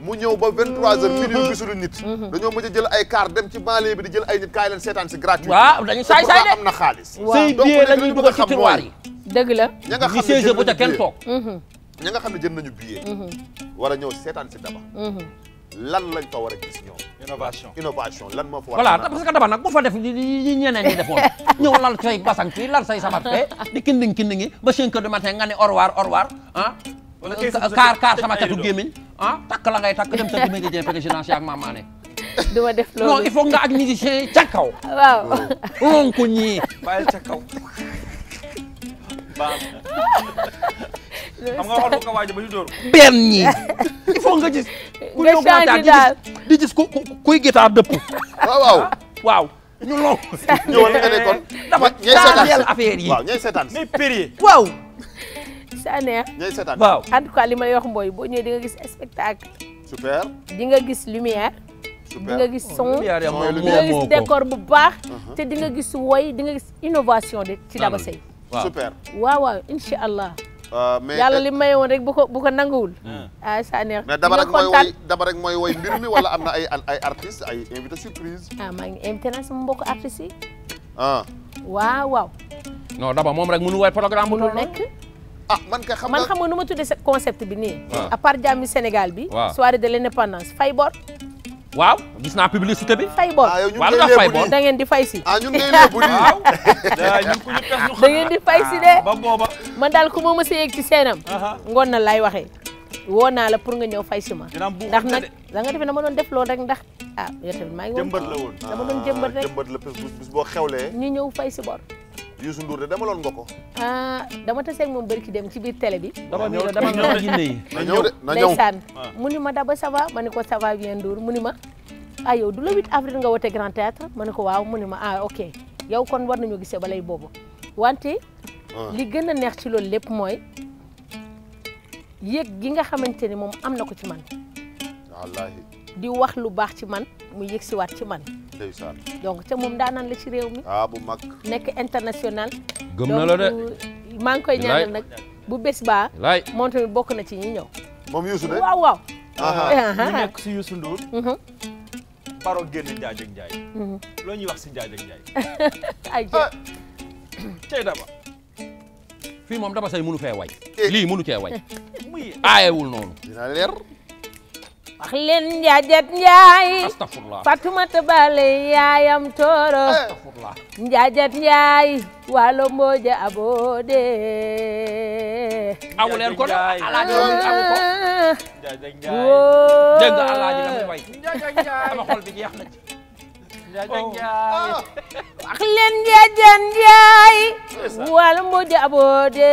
mu ñëw ba vingt trois heures minute gisulu nit dañoo mujj a jël ay kaar dem ci banlieue bi di jël ay nit kaay leen seetaan si gratuit waaw dañu saay saay am na xaalis donc léegi li ñu bëgg a dëgg la ña nga xam ne bu kenn toog mhm. ña xam ne mhm. a ñëw seetaan si daba mhm. lan lañ fa war a gis ñoom innovation innovation lan moo fa war voilà parce que daba nag bu fa def ñi ñeneen ñi defoon ñëw lal say basang fii lal say sabat fee di kinding kindingi ba cinq heures du matin nga ne au revoir au revoir ah kaar kaar sama catu gémmiñ ah takk la ngay takk dem sa dimanche jëm présidence ak maamaane du ma def loolu non il faut nga ak musicien ca kaw waaw on ko ñii bàyyi ca kaw xam nga waxoon ko waaj ba ñu dóor benn ñi il faut nga gis ku ñëw waxtaan di gis kuy gitaar dëpp waaw ñu lool ñëwal nga ne kon dafa ñay affaire yi waaw ñay seetaan waaw sa neex ñay seetaan waaw en tout cas li ma lay wax mbooy boo ñëwee di nga gis spectacle di nga gis lumière di nga gis oh, son di nga gis décor bu baax uh-huh. te di nga gis woy di nga gis innovation de ci Daba Seye super waaw waaw incha allah. Euh, mais yàlla li maye woon rek bu ko bu ko nanguwul. ah, ah ça neex mais daba rek mooy woy daba rek mooy woy mbir mi wala am na ay ay artistes ay invité surprise. ah maa ngi invité naa sama mbokku artistes yi. ah. waaw waaw. non daba moom rek mënu woy programme bu dul nekk. ah man kay xam nga man xam nga nu ma tuddee concept bi nii. Ah. à part jàmmi Sénégal bi. waaw soirée de l' indépendance fay bor. waaw gis naa publicité bi. fay bor ah, waaw nga fay bor da ngeen di fay si. ah di da ngeen di fay si de. Ah, ba booba. man daal ku ma mës a yegg ci seenam. ngoon na laay waxee. woo naa la pour nga ñëw fay si ma. ndax na da nga defe na ma doon def loolu rek ndax. ah maa ngi woon jëmbat la woon dama doon ah, jëmbat rek jëmbat la bis boo xewlee. ñu ñëw fay si bor. Youssou Ndour de demaloon nga ko. ah dama taseeg moom bari ki dem ci biir télé bi. dama ñëw dama ñëw na ñëw de na ah. mu ma daba ça ma ne ko ça va bien Ndour mu ni ma ah, yow du la 8 avril nga wote Grand Théâtre ma ne ko waaw mu ma ah yow kon war nañoo gisee balay boobu wante. Ah. li gën a neex ci loolu lépp mooy yéeg gi nga xamante ni moom am na ko ci man. di wax lu baax ci man mu yëgsiwaat ci man. ndeysaan donc te moom daanan la ci réew mi. Ah, mag nekk international. gëm na la de maa ngi koy ñaanal nag. bu bés baa. laay moom tamit bokk na ci ñi ñëw. moom Youssou de waaw waaw. ñu mhm. mhm. wax si Ndiaye ay jé. Ah. fii moom daba say mënu fee wañ eh. lii mënu cee way. aayewul noonu. wax leen njaajat njaay fatumata bale yaayam tooro njaajat eh. njaay waalo mbooja aboode awu leen ko alaaji awu ko ah. njaajat njaay Oh. Ah. wax leen njaajan njaay wàllu mbooja aboode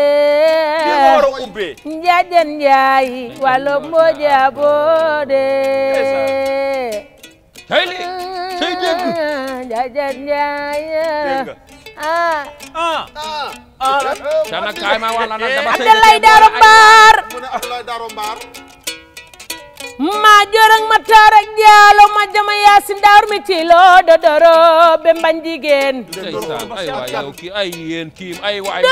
njaajan njaay wàllu mbooja aboode tey li tey dégg njaajan njaay ah ah ah dana ah. kaay ma wala nag dama eh. Abdoulaye Daro Mbar ma jorang ma tarak jaalo ma jama yaasin daaru mi ci loo dodoro be mbañ ay waay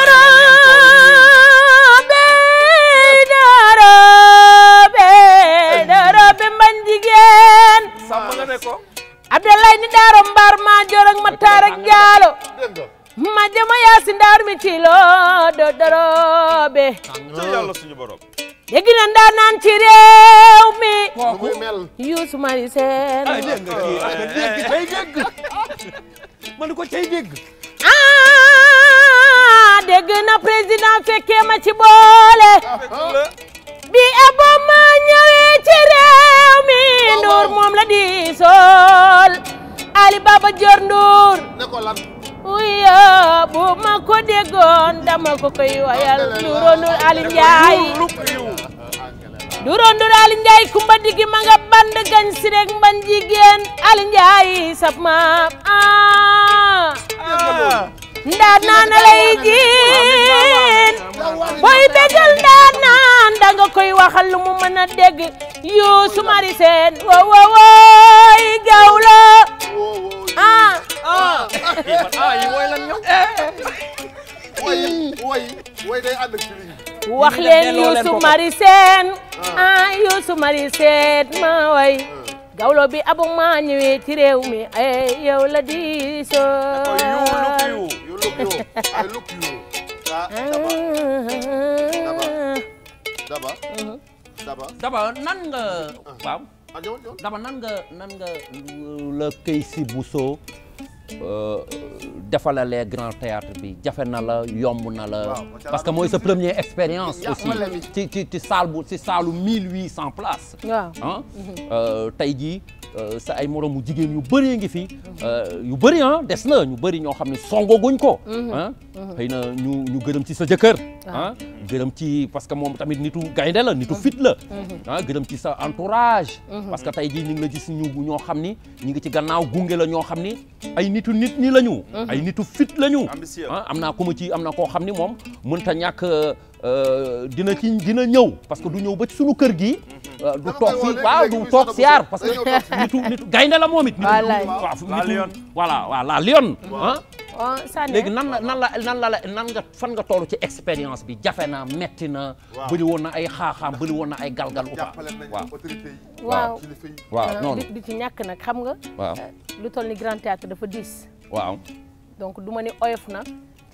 ko koy wayal du kumba digi ma band gañ si rek mban jigéen Ali Njaay naan lay jiin booy bégal ndaa naan danga koy waxal lu mu mën a dégg Youssou Mari Sène wo wo wax leen Mari Sène ah, ah Youssou Mari Sène ma way ah. gawlo bi abu ma ñëwee ci réew mi ay eh, la di daba nan nga ah. waaw daba nan nga nan nga euh, la këy si defalalee grand théâtre bi jafe na la yomb na la parce que mooy sa premier expérience aussi ci ci ci saalu mille huit cent places ah mm-hmm. euh, tey jii Euh, sa ay moromu jigéen yu bëree ngi fi. Euh, yu bëri ah des na ñu bëri ñoo xam ne songoguñ ko. Mm-hmm. ah mm-hmm. xëy na ñu ñu gërëm ci sa jëkkër. Ah. ah gërëm ci parce que moom tamit nitu gaynde la nitu mm-hmm. fit la. ah gërëm ci sa entourage. parce que tey jii ñu ngi la gis ñu ñoo xam ni ñu ngi ci gannaaw gunge la ñoo xam ni ay nitu nit ñi la ñu. ay nitu fit la ñu. Ah, am na ku ma ci am na koo xam ni moom ta ñàkk. Euh, dina ci dina ñëw parce que du ñëw ba ci sunu kër gi mhm. euh, du toog si waaw du toog siyaar parce que nitu nitu gaynde la moom it waaw voilà waaw la lion ah oh, léegi nan nan la nan la nan nga fan nga toll ci expérience bi jafe na metti na bëri woon na ay xaaxaam bëri woon na ay galgal upa waaw waaw bi fi euh, ñàkk nag xam nga lu toll ni grand théâtre dafa diis waaw donc du ni oyof na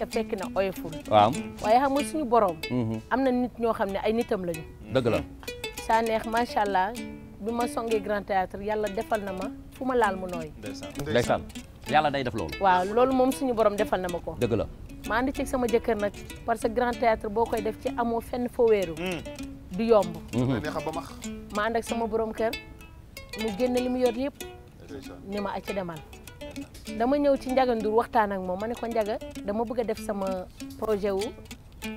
te fekk na oyoful waaw waaye xam nga suñu borom mhm. am na nit ñoo xam ne ay nitam lañu dëgg la saa neex macha allah bi ma songee grand théâtre yàlla defal na ma fu ma laal mu nooy ndeysaan yàlla day def loolu waaw loolu moom suñu borom defal na ma ko dëgg la ma ànd ci sama jëkkër nag parce que grand boo koy def ci amoo fenn foo wéeru mm. du yomb mhm. ma ànd ak sama borom kër mu génn li mu yor yëpp ni ma acca demal dama ñëw ci Ndiaga Ndour waxtaan ak moom ma ko Ndiaga dama bëgg a def sama projet wu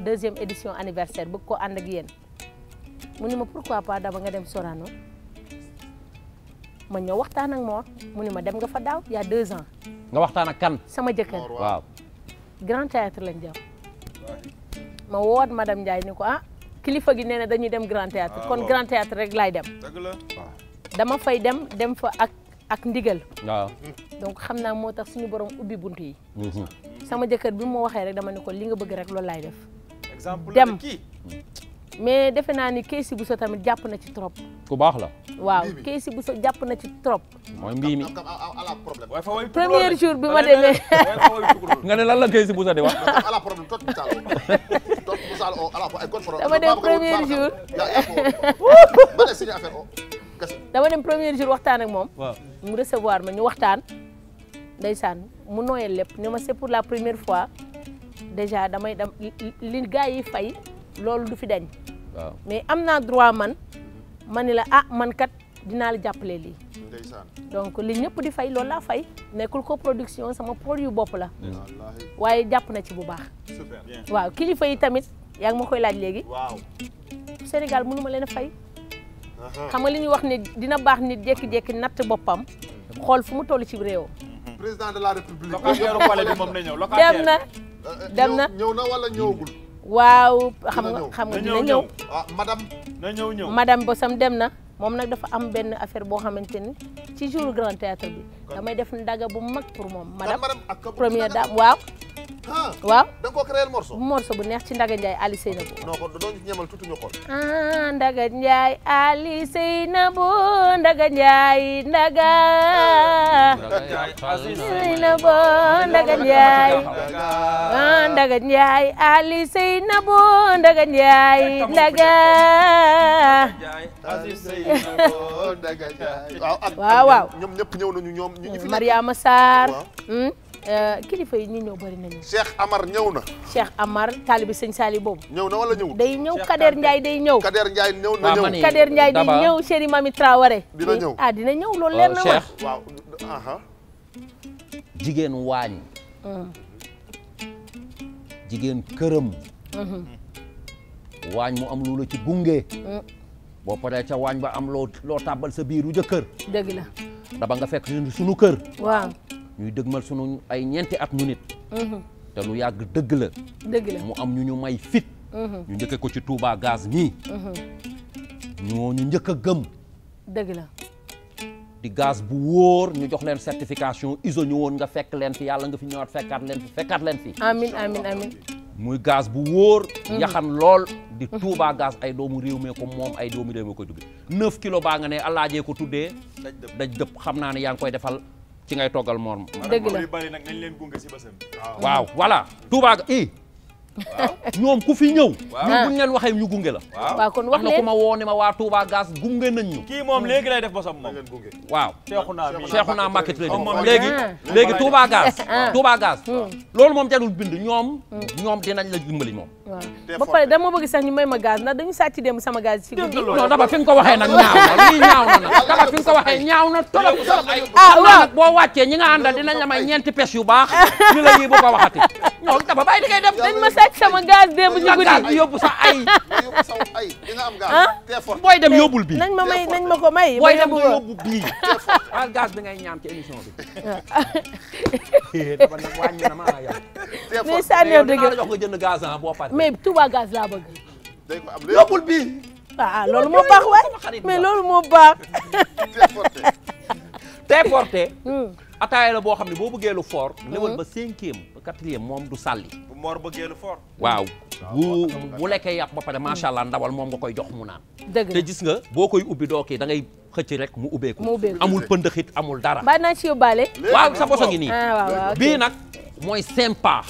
deuxième édition anniversaire bëgg ko ànd ak yéen mu ni ma pourquoi pas dama nga dem Sorano ma ñëw waxtaan ak moom mu ni ma dem nga fa daaw y a deux ans. nga waxtaan ak kan. sama jëkkër waaw. grand théâtre lañ jëm ma woot madame Ndiaye ni ko ah kilifa gi nee na dañuy dem grand théâtre ah, kon grand théâtre rek laay dem. dama fay dem dem fa ak ndigal. waaw donc xam naa moo tax suñu borom ubbi bunt yi. sama jëkkër bi mu waxee rek dama ne ko li nga bëgg rek loolu laay def. exemple dem mais defe naa ni bu Bousso tamit jàpp na ci trop. ku baax la. waaw bu Bousso jàpp na ci trop. mooy mbii bi ma demee. lan la Keysi Bousso di wax. dem premier jour. dama dem premier jour waxtaan ak moom. mu recevoir ma ñu waxtaan. day ndeysaan mu nooyal lépp ni ma c'est pour la première fois déjà damay dam li gars yi fay loolu du fi dañ. mais am naa droit man man ni la ah man kat dinaa la jàppale lii. donc li ñëpp di fay loolu laa fay nekkul coproduction sama produit bopp la. waaye jàpp na ci bu baax. super waaw kilifa yi tamit yaa ngi ma koy laaj léegi. waaw mu mënu ma leen a fay. xam nga li ñuy wax ne dina baax ni jékki-jékki natt boppam mhm. xool fu mu toll ci réew. Mhm. président la république. moom na ñëw locataire dem na. Euh, dem na ñëw na wala ñëwagul. waaw xam nga xam nga dina ñëw. Ah, madame. na ñëw ñëw madame Bosam dem na. moom nag dafa am benn affaire boo xamante ni ci jour grand théâtre bi damay def ndaga bu mag pour moom. madame première dame waaw. waaw da bu neex ci Ndaga Ndiaye Ali Seynabou. non kon doo ñemal tuuti ñu xool. Ah, Ndaga Ndiaye Ali Seynabou Ndaga Ndaga. Seynabou Ndaga Ndiaye. ah Ndaga Ndiaye Ndaga Ndiaye Ndaga. waaw waaw. ñoom Sarr. Hmm? Euh, kilifa yi ñi ñëw bëri nañu. Cheikh Amar ñëw na. Cheikh Amar taalibi sëñ boobu. ñëw na wala ñëwul day ñëw Kader Ndiaye day ñëw. Kader Ndiaye ñëw na dina ñëw ah leer na wax waaw jigéen waañ. Mm. jigéen këram. Mm-hmm. waañ mu am lu la ci gunge. Mm. boo paree ca waañ ba am loo loo sa biiru jëkkër. dëgg la. daba nga fekk suñu kër. ñuy dëgmal sunu ay ñeenti at ñu nit mhm. te lu yàgg dëgg la dëgg la mu am ñu ñu may fit mhm. ñu njëkke ko ci Touba gaz ñii mhm. ñoo ñu njëkk a gëm dëgg la di gaz bu wóor ñu jox leen certification ISO ñu woon nga fekk leen fi yàlla nga fi ñëwaat fekkaat leen fi fekkaat leen fi amin amin amin muy gaz bu wóor yaxan lool di Touba gaz ay doomu réew mee ko moom ay doomu réew mee ko jóge neuf kilo baa nga ne alaajee ko tuddee daj dëpp xam naa ne yaa ngi koy defal ci ngay toggal moor ma. dëgg la bari nag nañ leen gunge si waaw voilà Touba i ñoom ku fi ñëw ñun buñ leen waxee ñu gunge la waaw kon wax leen ku ma woo ma waa Touba Gaz gunge nañ ñu kii moom léegi lay def bosam moom waaw Cheikhouna Mbacké Touré léegi léegi Touba Gaz ah, ah. Touba Gaz hmm. loolu moom jarul bind ñoom hmm. ñoom dinañ la dimbali moom ba pare dama bëgg sax ñu may ma gaz ndax dañu sàcc dem ma gaz ci guddi non daba fi nga ko waxee nag ñaaw na lii ñaaw na nag daba ko waxee ñaaw na tolop tolop ah waaw boo wàccee ñi nga àndal dinañ la may ñeenti pes yu baax ñu la yii bu ko waxati non dama bàyyi di ngay dem. dañ ma sama gaz démb ñu guddi. ma yóbbu sa ay ma yóbbu sa ay di nga am gaz. Ah? teefort booy dem yóbbul bii. nañ ma may nañ ma ko may. booy dem yóbbu bii. teefort al gaz bi ngay ñaam ci émission bi. dama nag wàññi na ma yow. teefort mais saa neew dëgg la gaz ah boo paree. mais Touba gaz laa bëgg. day ko am yóbbul bii. ah, ah loolu moo baax waay mais loolu moo baax. teeforte. teeforte. Hmm. ataaya la boo xam ne boo bëggee lu fort. lewal ba cinquième ba quatrième moom du sàlli. bu moor bëggee lu waaw bu bu lekkee yàpp ba pare macha allah ndawal moom nga koy jox mu naan. dëgg te gis nga boo koy ubbi doo kii da ngay xëcc rek mu ubbeeku. amul pëndëxit amul dara. mbaa naa ci yóbbaale. waaw sa boso ngi nii. Ah, bii nag mooy sympa.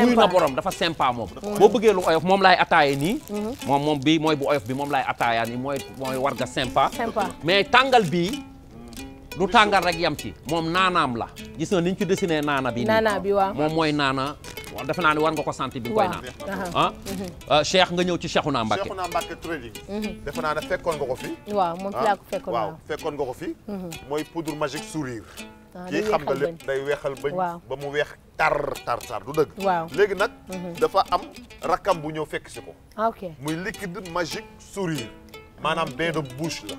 muy na borom dafa sympa moom. boo bëggee lu oyof moom laay ataaya nii. Mhm. moom moom bii mooy bu oyof bi moom laay ataaya nii mooy mooy warga sympa. mais tàngal bii du tàngal rek yam ci moom naanaam la gis na ni ñu ci dessiné naana bi naana bi waaw moom mooy naana waaw defe naa ne war nga ko sant bi nga koy naan ah, mhm. ah nga ñëw ci Cheikhouna Mbacké Cheikhouna Mbacké trading mhm. defe naa ne fekkoon nga ko fi waaw ah? nga ko fi mhm. mooy poudre magique sourire ah, kii xam nga lépp day weexal ba mu weex tar tar tar du dëgg waaw léegi nag dafa am rakkam bu ñëw fekk si ko ok muy liquide magique sourire maanaam bain de bouche la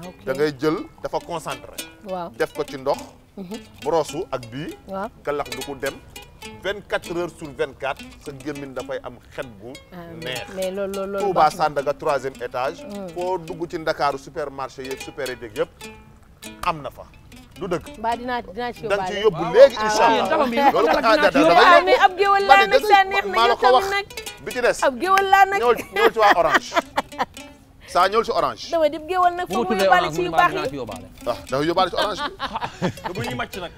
Ah, da ngay jël dafa concentré. waaw def ko ci ndox. Mhm. brosu ak bii. waaw kalax du ko dem. 24 heures sur 24 sa gémmiñ dafay am xet bu ah, neex mais loolu loolu loolu troisième étage mm. foo dugg ci Ndakaaru marché yeeg super yeeg yëpp am na fa lu dëkk ba dinaa ci yóbbu léegi incha allah loolu ko xaajata dafay mais ab neex na yow tamit nag bi ci des ab géwal laa nag ñëw ci waa orange saa ñëwul si orange. damay dem géewal nag foofu muy yóbbaale ci yu baax yi ah dafa yóbbaale ci orange bi. du bu ñuy màcc nag.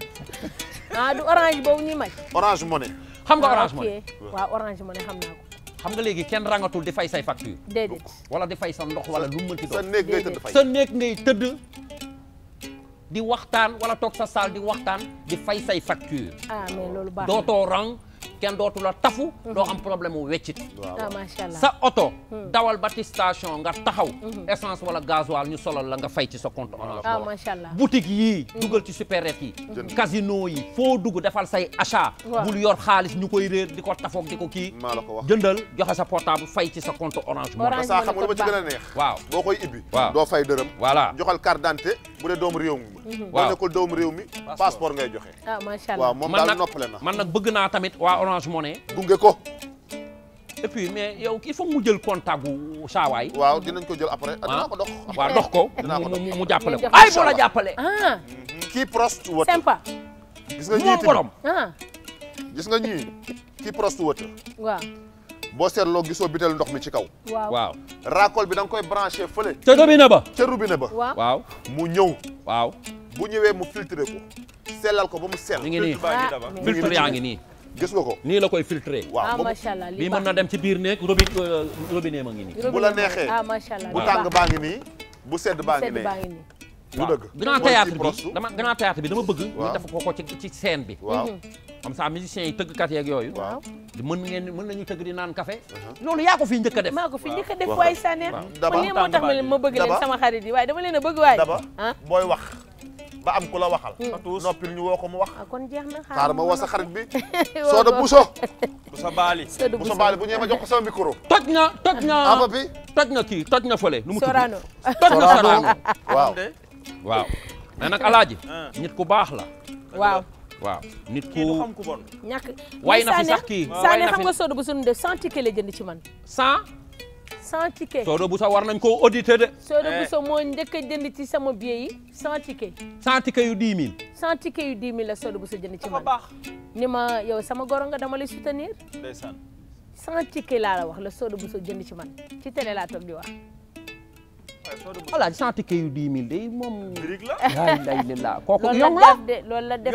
ah du orange boobu ñuy màcc. orange money. xam nga ah, orange money waaw orange money xam naa ko. xam nga léegi kenn rangatul di fay say facture déedéet wala di fay sa ndox wala lu mu mënti doon. sa néeg ngay tëdd fay sa néeg ngay tëdd. di waxtaan wala toog sa saal di waxtaan di fay say facture ah mais loolu baax dootoo rang. kenn dootu la tafu doo am problème mu weccit ah, sa oto hmm. dawal ba ci station nga taxaw hmm. essence wala gasoil ñu solal la nga fay ci sa compte ah, orange boutique yii hmm. dugal ci supérette yi casino yi foo dugg defal say achat bul yor xaalis ñu koy réer di ko tafoog di ko kii jëndal joxe sa portable fay ci sa compte orange money saa xam nga ba ci gën a neex waaw boo koy ibbi waaw doo fay dërëm voilà joxal carte d'identité bu dee doomu réew mi boo nekkul doomu réew mi passeport ngay joxe ah, waaw man nag bëgg orange money. gunge ko. mais yow il faut mu jël contact gu saawaay. waaw dinañ ko jël après. Ah. dinaa ko dox waaw dox ko. mu mu jàppale ko ay boo la jàppale. Ah. Mhm. kii prost wëtë. sympa. gis nga ñii borom. Ah. gis nga ñii kii prost wëtë. waaw. boo seetloo gisoo bitel ndox mi ci kaw. waaw raakool bi da koy branché fële. ca robinet ba ca ba. mu ñëw. waaw bu ñëwee mu filtré ko. sellal ko ba mu sell. filtre yaa ngi nii. gis nga ko nii la koy filtré. waaw ah, bii mën na dem ci biir néeg robin euh, robinet ma ngi nii. bu la neexee ah, bu tàng baa ngi nii bu sedd baa ngi nii. lu dëgg bi dama bëgg. ñu ko ko ci ci scène bi. waaw mhm. comme ça musiciens yi tëggkat yeeg yooyu. waaw mën ngeen mën tëgg di naan café uh-huh. loolu yaa ko fi njëkk a def. maa ko fi njëkk a def waaye Sanex. daba man lii moo tax ma bëgg leen sama xarit yi waaye dama leen a bëgg waaye. daba ah. booy wax. ba am ku la waxal. Hmm. noppil ñu woo ko mu wax. Ah, kon jeex na xaaral ma woo sa xarit bi. sooda buso. buso baali. buso baali bu ñëwee ma jox ko sama micro. toj na toj na apa bi. toj na kii toj na fële. nu mu tudd Sorano. toj na Sorano waaw. waaw mais nag alaaji. Ah. nit ku baax la. waaw. waaw nit ku ñàkk. way na fi sax kii way na fi Sane xam nga sooda bu sunu def cent ticket la jënd ci man. cent. sans ticket Sodo Boussa war nañ koo auditer de. Sodo Boussa eh. moo njëkk a jënd ci sama billet yi sans ticket. sans ticket yu 10 000. sans ticket yu 10 000 la bu Boussa jënd ci man ni ma yow sama goro nga dama lay soutenir. ndeysaan. sans ticket laa la wax la bu Boussa jëndi ci man ci télé laa toog di wax. voilà sans ticket yu 10 000 day moom. brique la la ilaha loolu la de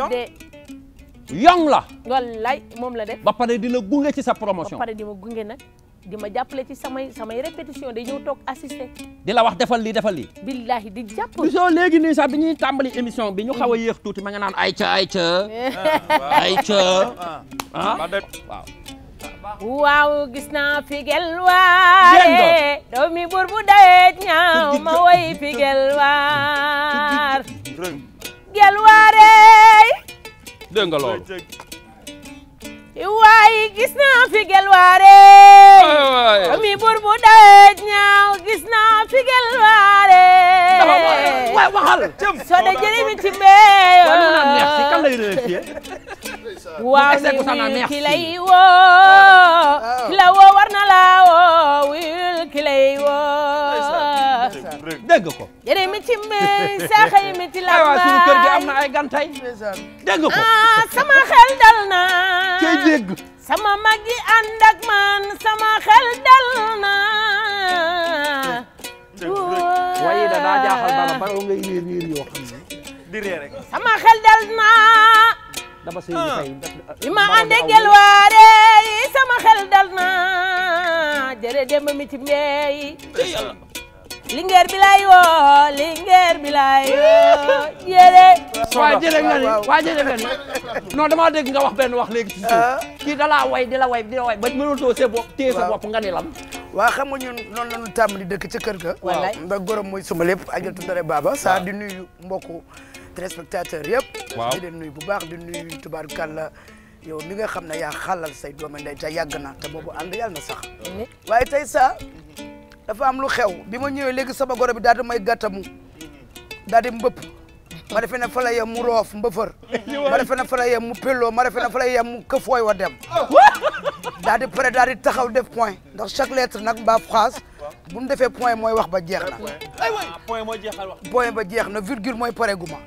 yong la. loolu lay moom la def. ba pare dina gunge ci sa promotion. ba pare dina gunge nag. di ma jàppale ci samay samay répétition day ñëw toog assister. di la wax defal lii defal lii. billahi di jàpp. soo léegi nii sax bi ñuy tàmbali émission bi ñu xaw a yéex tuuti ma nga ay ayca ay ayca ah, ah. waaw. waaw gis naa figel waare doomi buur bu dayet ñaaw ma woy figel waar gel waare dégg waaye gis naa fi gelwaare mi bur bu daj ñaaw gis naa fi gelwaare waxal soo de jëri mi ci mbee waaw ni ki lay woo ah. ki la woo war na laa woo wil ki lay woo dégg ko. yéen mi ci mbéy mi ci la. aywa kër gi am na ay gantay. dégg ko ah sama xel dal na. cee dégg. sama mag yi ànd man sama xel dal na. waaye danaa jaaxal bala ba sama xel dal na. dama sëy ma ànd ak gelwaare yi sama xel dal mi ci lingeer bi lay woo lingeer bi lay woo jële. waaw jële nga ni waaw jële nga ni non damaa dégg nga wax benn wax léegi ah. kii da laa way di la way di la ba mënatoo sa bopp téye sa bopp nga ni lan. waaw xam nga ñun noonu la ñu tàmbali dëkk ca kër ga. wallaay ndax gorom mooy suma lépp ak tuddare baaba saa di nuyu mbokku téléspectateurs yëpp. waaw di leen bu baax di nuyu tubaarkàlla yow mi nga xam ne yaa xalal say doomu ndey te yàgg na te boobu ànd yàlla na sax. waaye tey saa. dafa am lu xew bi ma ñëwee léegi sama goro bi daal di may gàttamu daal di mbëpp ma defe ne fa la yem mu roof mbëfër ma defe ne fa la mu pelloo ma defe ne fa la yem mu wa dem daal di pare daal di taxaw def point ndax chaque lettre nag mbaa phrase bu ñu defee point mooy wax ba jeex na ah, point mooy jeexal wax point ba jeex na virgule mooy pare guma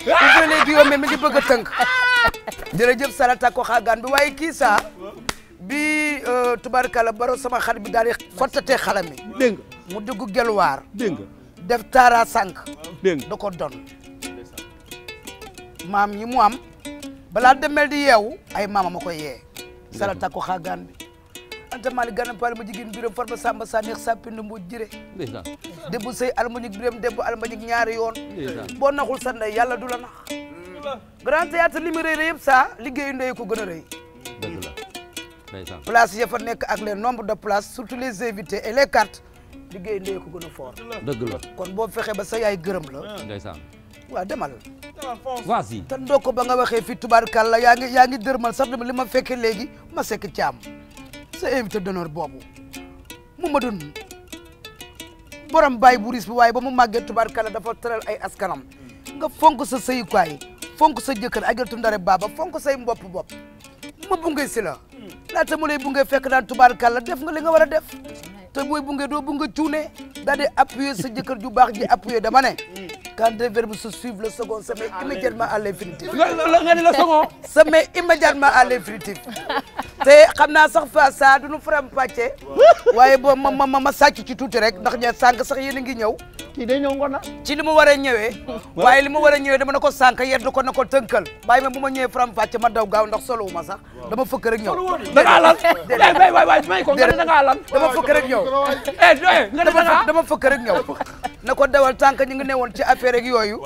ufelé bi yow mi ngi bëgg a tënk jërëjëf Sarata ko xaagaan bi waaye kii saa bi euh, tubaarkalla baro sama xar bi daal di xottatee xalam mi. dégg mu dugg gelwaar. dégg nga def taara sànq. dégg ko don maam yi mu am balaa demel di yeewu ay maama ma koy yee. salata ko xaagaan bi. anta mali gànna paal ma jigéen biram farba samba sa neex sa pindu mbu jire debbu sëy almañik biram debbu almañik ñaari yoon boo naxul sa ndey yàlla du la nax mm. grand théâtre li mu rëy yëpp saa liggéeyu ndey ko gën place ya fa nekk ak les nombre de places surtout les invités et les cartes liggéey ndee ko gën a kon boo fexe ba sa yaay gërëm la ah. waa waaw demal vas-y te ndoo ko ba nga waxee fi tubaarkàlla yaa ngi yaa ngi dërmal sax li ma fekke léegi ma sekk caam sa invité d'honneur boobu mu ma doon borom bàyyi bu ris bi waaye ba mu màggee tubaarkàlla dafa tëral ay askanam mm. nga fonk sa sëyukaay fonk sa jëkkër ak itam dara baaba fonk say mbopp bopp ma bunge si la laata mu lay bunge fekk daan tubaarkàlla def nga li nga war a def te booy bunge doo bunge cuune da di appuyer sa jëkkër ju baax ji appuyer dama ne quand deux verbes se suivent le second se met immédiatement à l'infinitif la nga la le second se met immédiatement à l'infinitif te xam naa sax fa sa duñu faram pàcce waaye bo ma ma ma sàcc ci tuuti rek ndax ña sànq sax yéen a ngi ñëw kii day ñëw ngona ci li ma war a ñëwee waaye li ma war a ñëwee dama na ko sànq yedd ko na ko tënkal bàyyi ma bu ma ñëwee faram pàcce ma daw gaaw ndax solo wu ma sax dama fëkk rek ñëw da ngaa lan waay waay waay may ko nga ne da ngaa lan dama fëkk rek ñëw nga ne dama fëkk rek ñëw eh, eh, na ko dawal ci affaire ak yooyu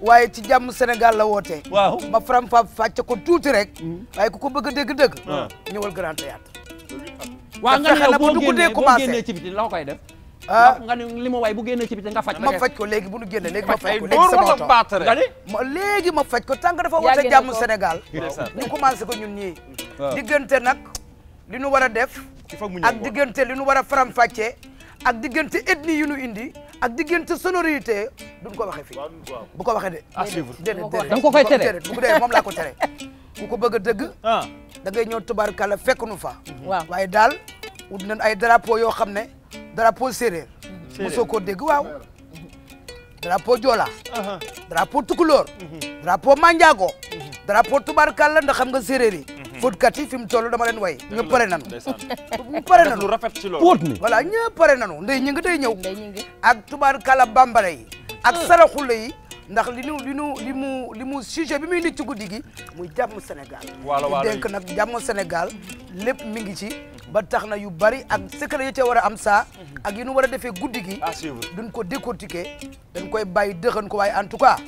waaye ci jàmm Sénégal la wootee. waaw ma faram fa fàcce ko tuuti rek. Hmm. waaye ku ko bëgg a dégg ah. ñëwal Grand Théâtre. waaw nga ne yow boo génnee boo génnee ci biti loo koy def. ah ne li ma waay bu génnee ci biti nga faj. ma faj ko léegi bu nu génnee léegi ma faj ko léegi sama oto ma léegi ma faj ko tant que dafa woote jàmm Sénégal. ñu commencé ko ñun ñii. Ah. diggante nag li nu war a def. ak diggante li nu war a faram fàccee ak diggante ethnie yu nu indi ak diggante sonorité duñ ko waxee fii. bu ko waxee de. à suivre déedéet déedéet da ko fay tere déedéet bu ko dee moom laa ko tere. ku ko bëgg a dëgg. Ah. da ngay ñëw tubaarkalla fekk nu fa. Mhm. waaw waaye daal wut nañ ay drapeau yoo xam ne drapeau séeréer. Mhm. séeréer mosoo koo dégg waaw. Mhm. drapeau joola. drapeau tukulóor. drapeau manjaago. drapeau tubaarkalla ndax xam nga séeréer yi. fóotkat yi fi mu dama leen way nga pare nanu pare nanu rafet ci loolu póot mi voilà ña pare nanu ndey ñi ngi day ñëw ak tubaar kala bambara yi ak ah. saraxule yi ndax li nu li nu li mu li mu sujet bi muy nit ci guddi gi muy jàmm Sénégal di dénk nag jàmm Sénégal lépp mi ngi ci ba tax na yu bari ak secret yi ca war a am saa mhm. ak yi nu war a defee guddi gi duñ ko décortiquer dañ koy bàyyi dëxan ko waaye en tout cas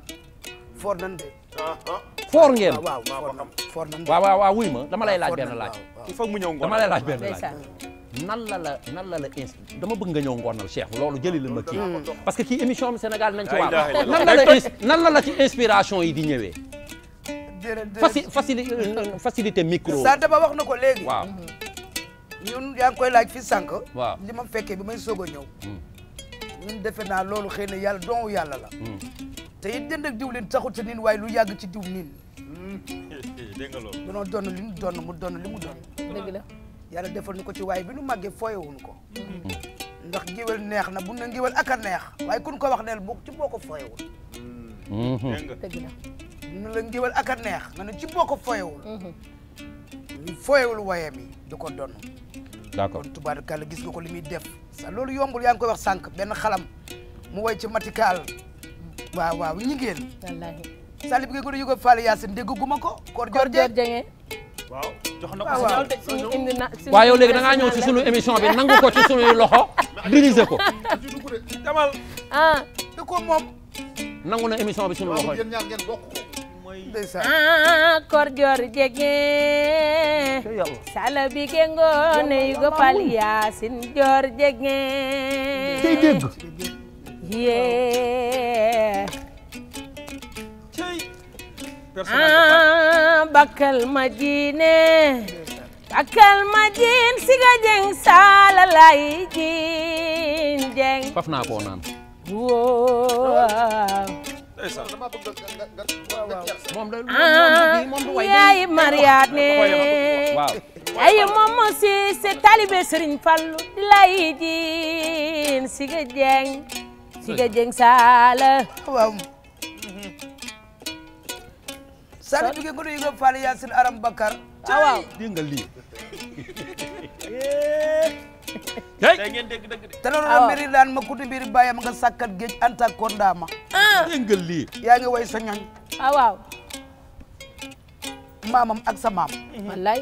foor nan de ah, ah. foor ngeen waaw waaw waaw wuy ma dama lay laaj benn laaj il faut mu ñëw lay laaj benn laaj nan la la nan la la inspiré dama bëgg nga ñëw ngoon nal Cheikh loolu jëli la ma kii parce que kii émission am Sénégal nañ ci waaw nan la la nan la la ci inspiration yi di ñëwee facilité euh, facilité micro sa dama wax na ko léegi waaw mm-hmm. ñun yaa ngi koy laaj fi sànq waaw li ma fekkee bi may soog a ñëw mm. ñun defe naa loolu xëy na yàlla doomu yàlla te it dënd ak diwlin taxut a niin waay lu yàgg ci diw niin. dégg nga loolu. danoo doon li mu doon mu doon li mu doon. dëgg la. yàlla defal ñu ko ci waay bi nu màggee fooyewuñu ko. Mm-hmm. ndax géwél neex na bu na géwél ak a neex waaye kun ko wax neel boo ci boo ko fooyewul. Mm-hmm. dégg nga dëgg a neex nga ne ci boo ko fooyewul. Mm-hmm. fooyewul waaye mi du ko doon. d'accord kon tubaab gis nga ko li muy def. sa loolu yombul yaa ngi koy wax sànq benn xalam mu woy ci matikaal waaw waaw ñigéen wallaahi sali bi nga gën a yóbbu Fallou ko Kor Dior Dieng waaw jox na ko suñu indi yow léegi da ngaa ñëw ci sunu émission bi nangu ko ci sunuy loxo diriger ko damal ah da ko moom nangu na émission bi sunu loxo yéen ñaar ngeen bokk ko ah Kor Dior Dieng sala bi ke ngoone yu go Fallou Yacine Dior Dieng tey dégg yee ah bakkal ma diine bakkal ma diin si ga saala lay jiin jeng faf naa koo naan waaw yaay mariyaane moom moo se talibe Sëriñ Fallu lay jiin si ga Siga Dieng Saala. waaw. Sani Dugue Aram Bakar. ah waaw dégg nga lii. da ngeen dégg dëgg de. te ah, nga sakkat géej anta kondaama. Ah. dégg nga lii. yaa ngi way sa ñoñ. ah waaw. maamam ak sa maam. Mm-hmm. wallaay.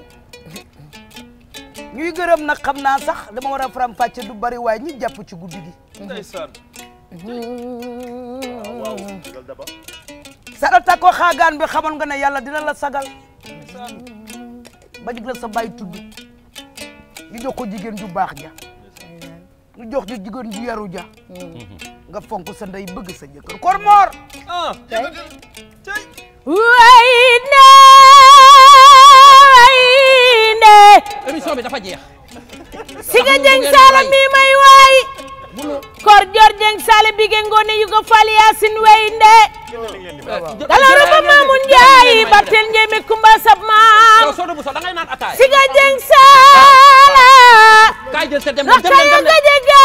ñuy gërëm nag xam naa sax dama war a faram fàcce du bari waaye ñi jàpp ci guddi gi. sarata ko xaagaan bi xamoon nga ne yàlla dina la sagal ba jig la sa baay tudd ñu jox jigéen ju baax ja ñu jox jigéen ju yaru ja nga fonk sa ndey bëgg sa jëkkër kor moor ah, way ne way ne dafa jeex saala mi may kor jor jeng sale bige ngone yugo fal yasin weynde dalaro ba mamun jaay bartel njeme kumba sab maam siga jeng sala kay jël sa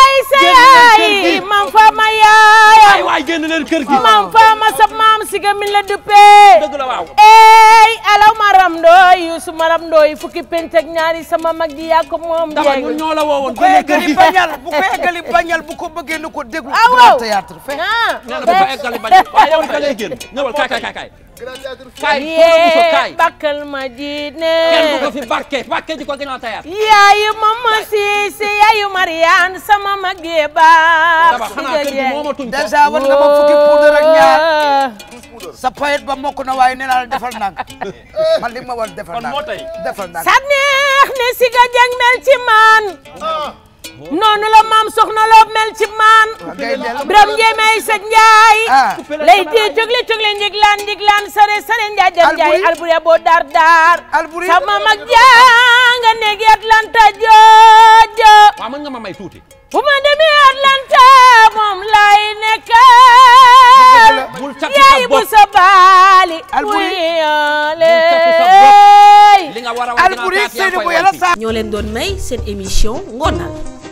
ay sa yaay maam faama yaayam waay génn leen kër gi maam faama sa maam si ga min la duppee dëgg la waaw ey alaw maram ndooy yusu maram ndooy fukki penc ak ñaari sama mag ji yaa ko moom jeeg ñun ñoo la woowoon bu ko eggali bañal bu ko eggali bañal bu ko bëggee na ko déglu ah waaw théâtre fe nee na bu ko eggali bañal grand théâtre kaay bakkal ma diine kenn fi barke barke ji ko grand théâtre yaayu mama Cissé yaayu Mariane sama mag yee baax déjà war nga ma fukki poudre ak sa payet ba mokk na waaye nee naa la defal nang man li si ga jang mel man ah. noonu la maam soxna loo mel ci maan biram njéeme ay sa njaay ah. lay di cogle sare sare njaay njaay alburi a boo daar daar sama mag jaanga nga ma may tuuti bu ma demee atlanta moom lay nekkal yaay bu sa baali alburi li nga war a wax ñoo leen doon may seen émission ngonal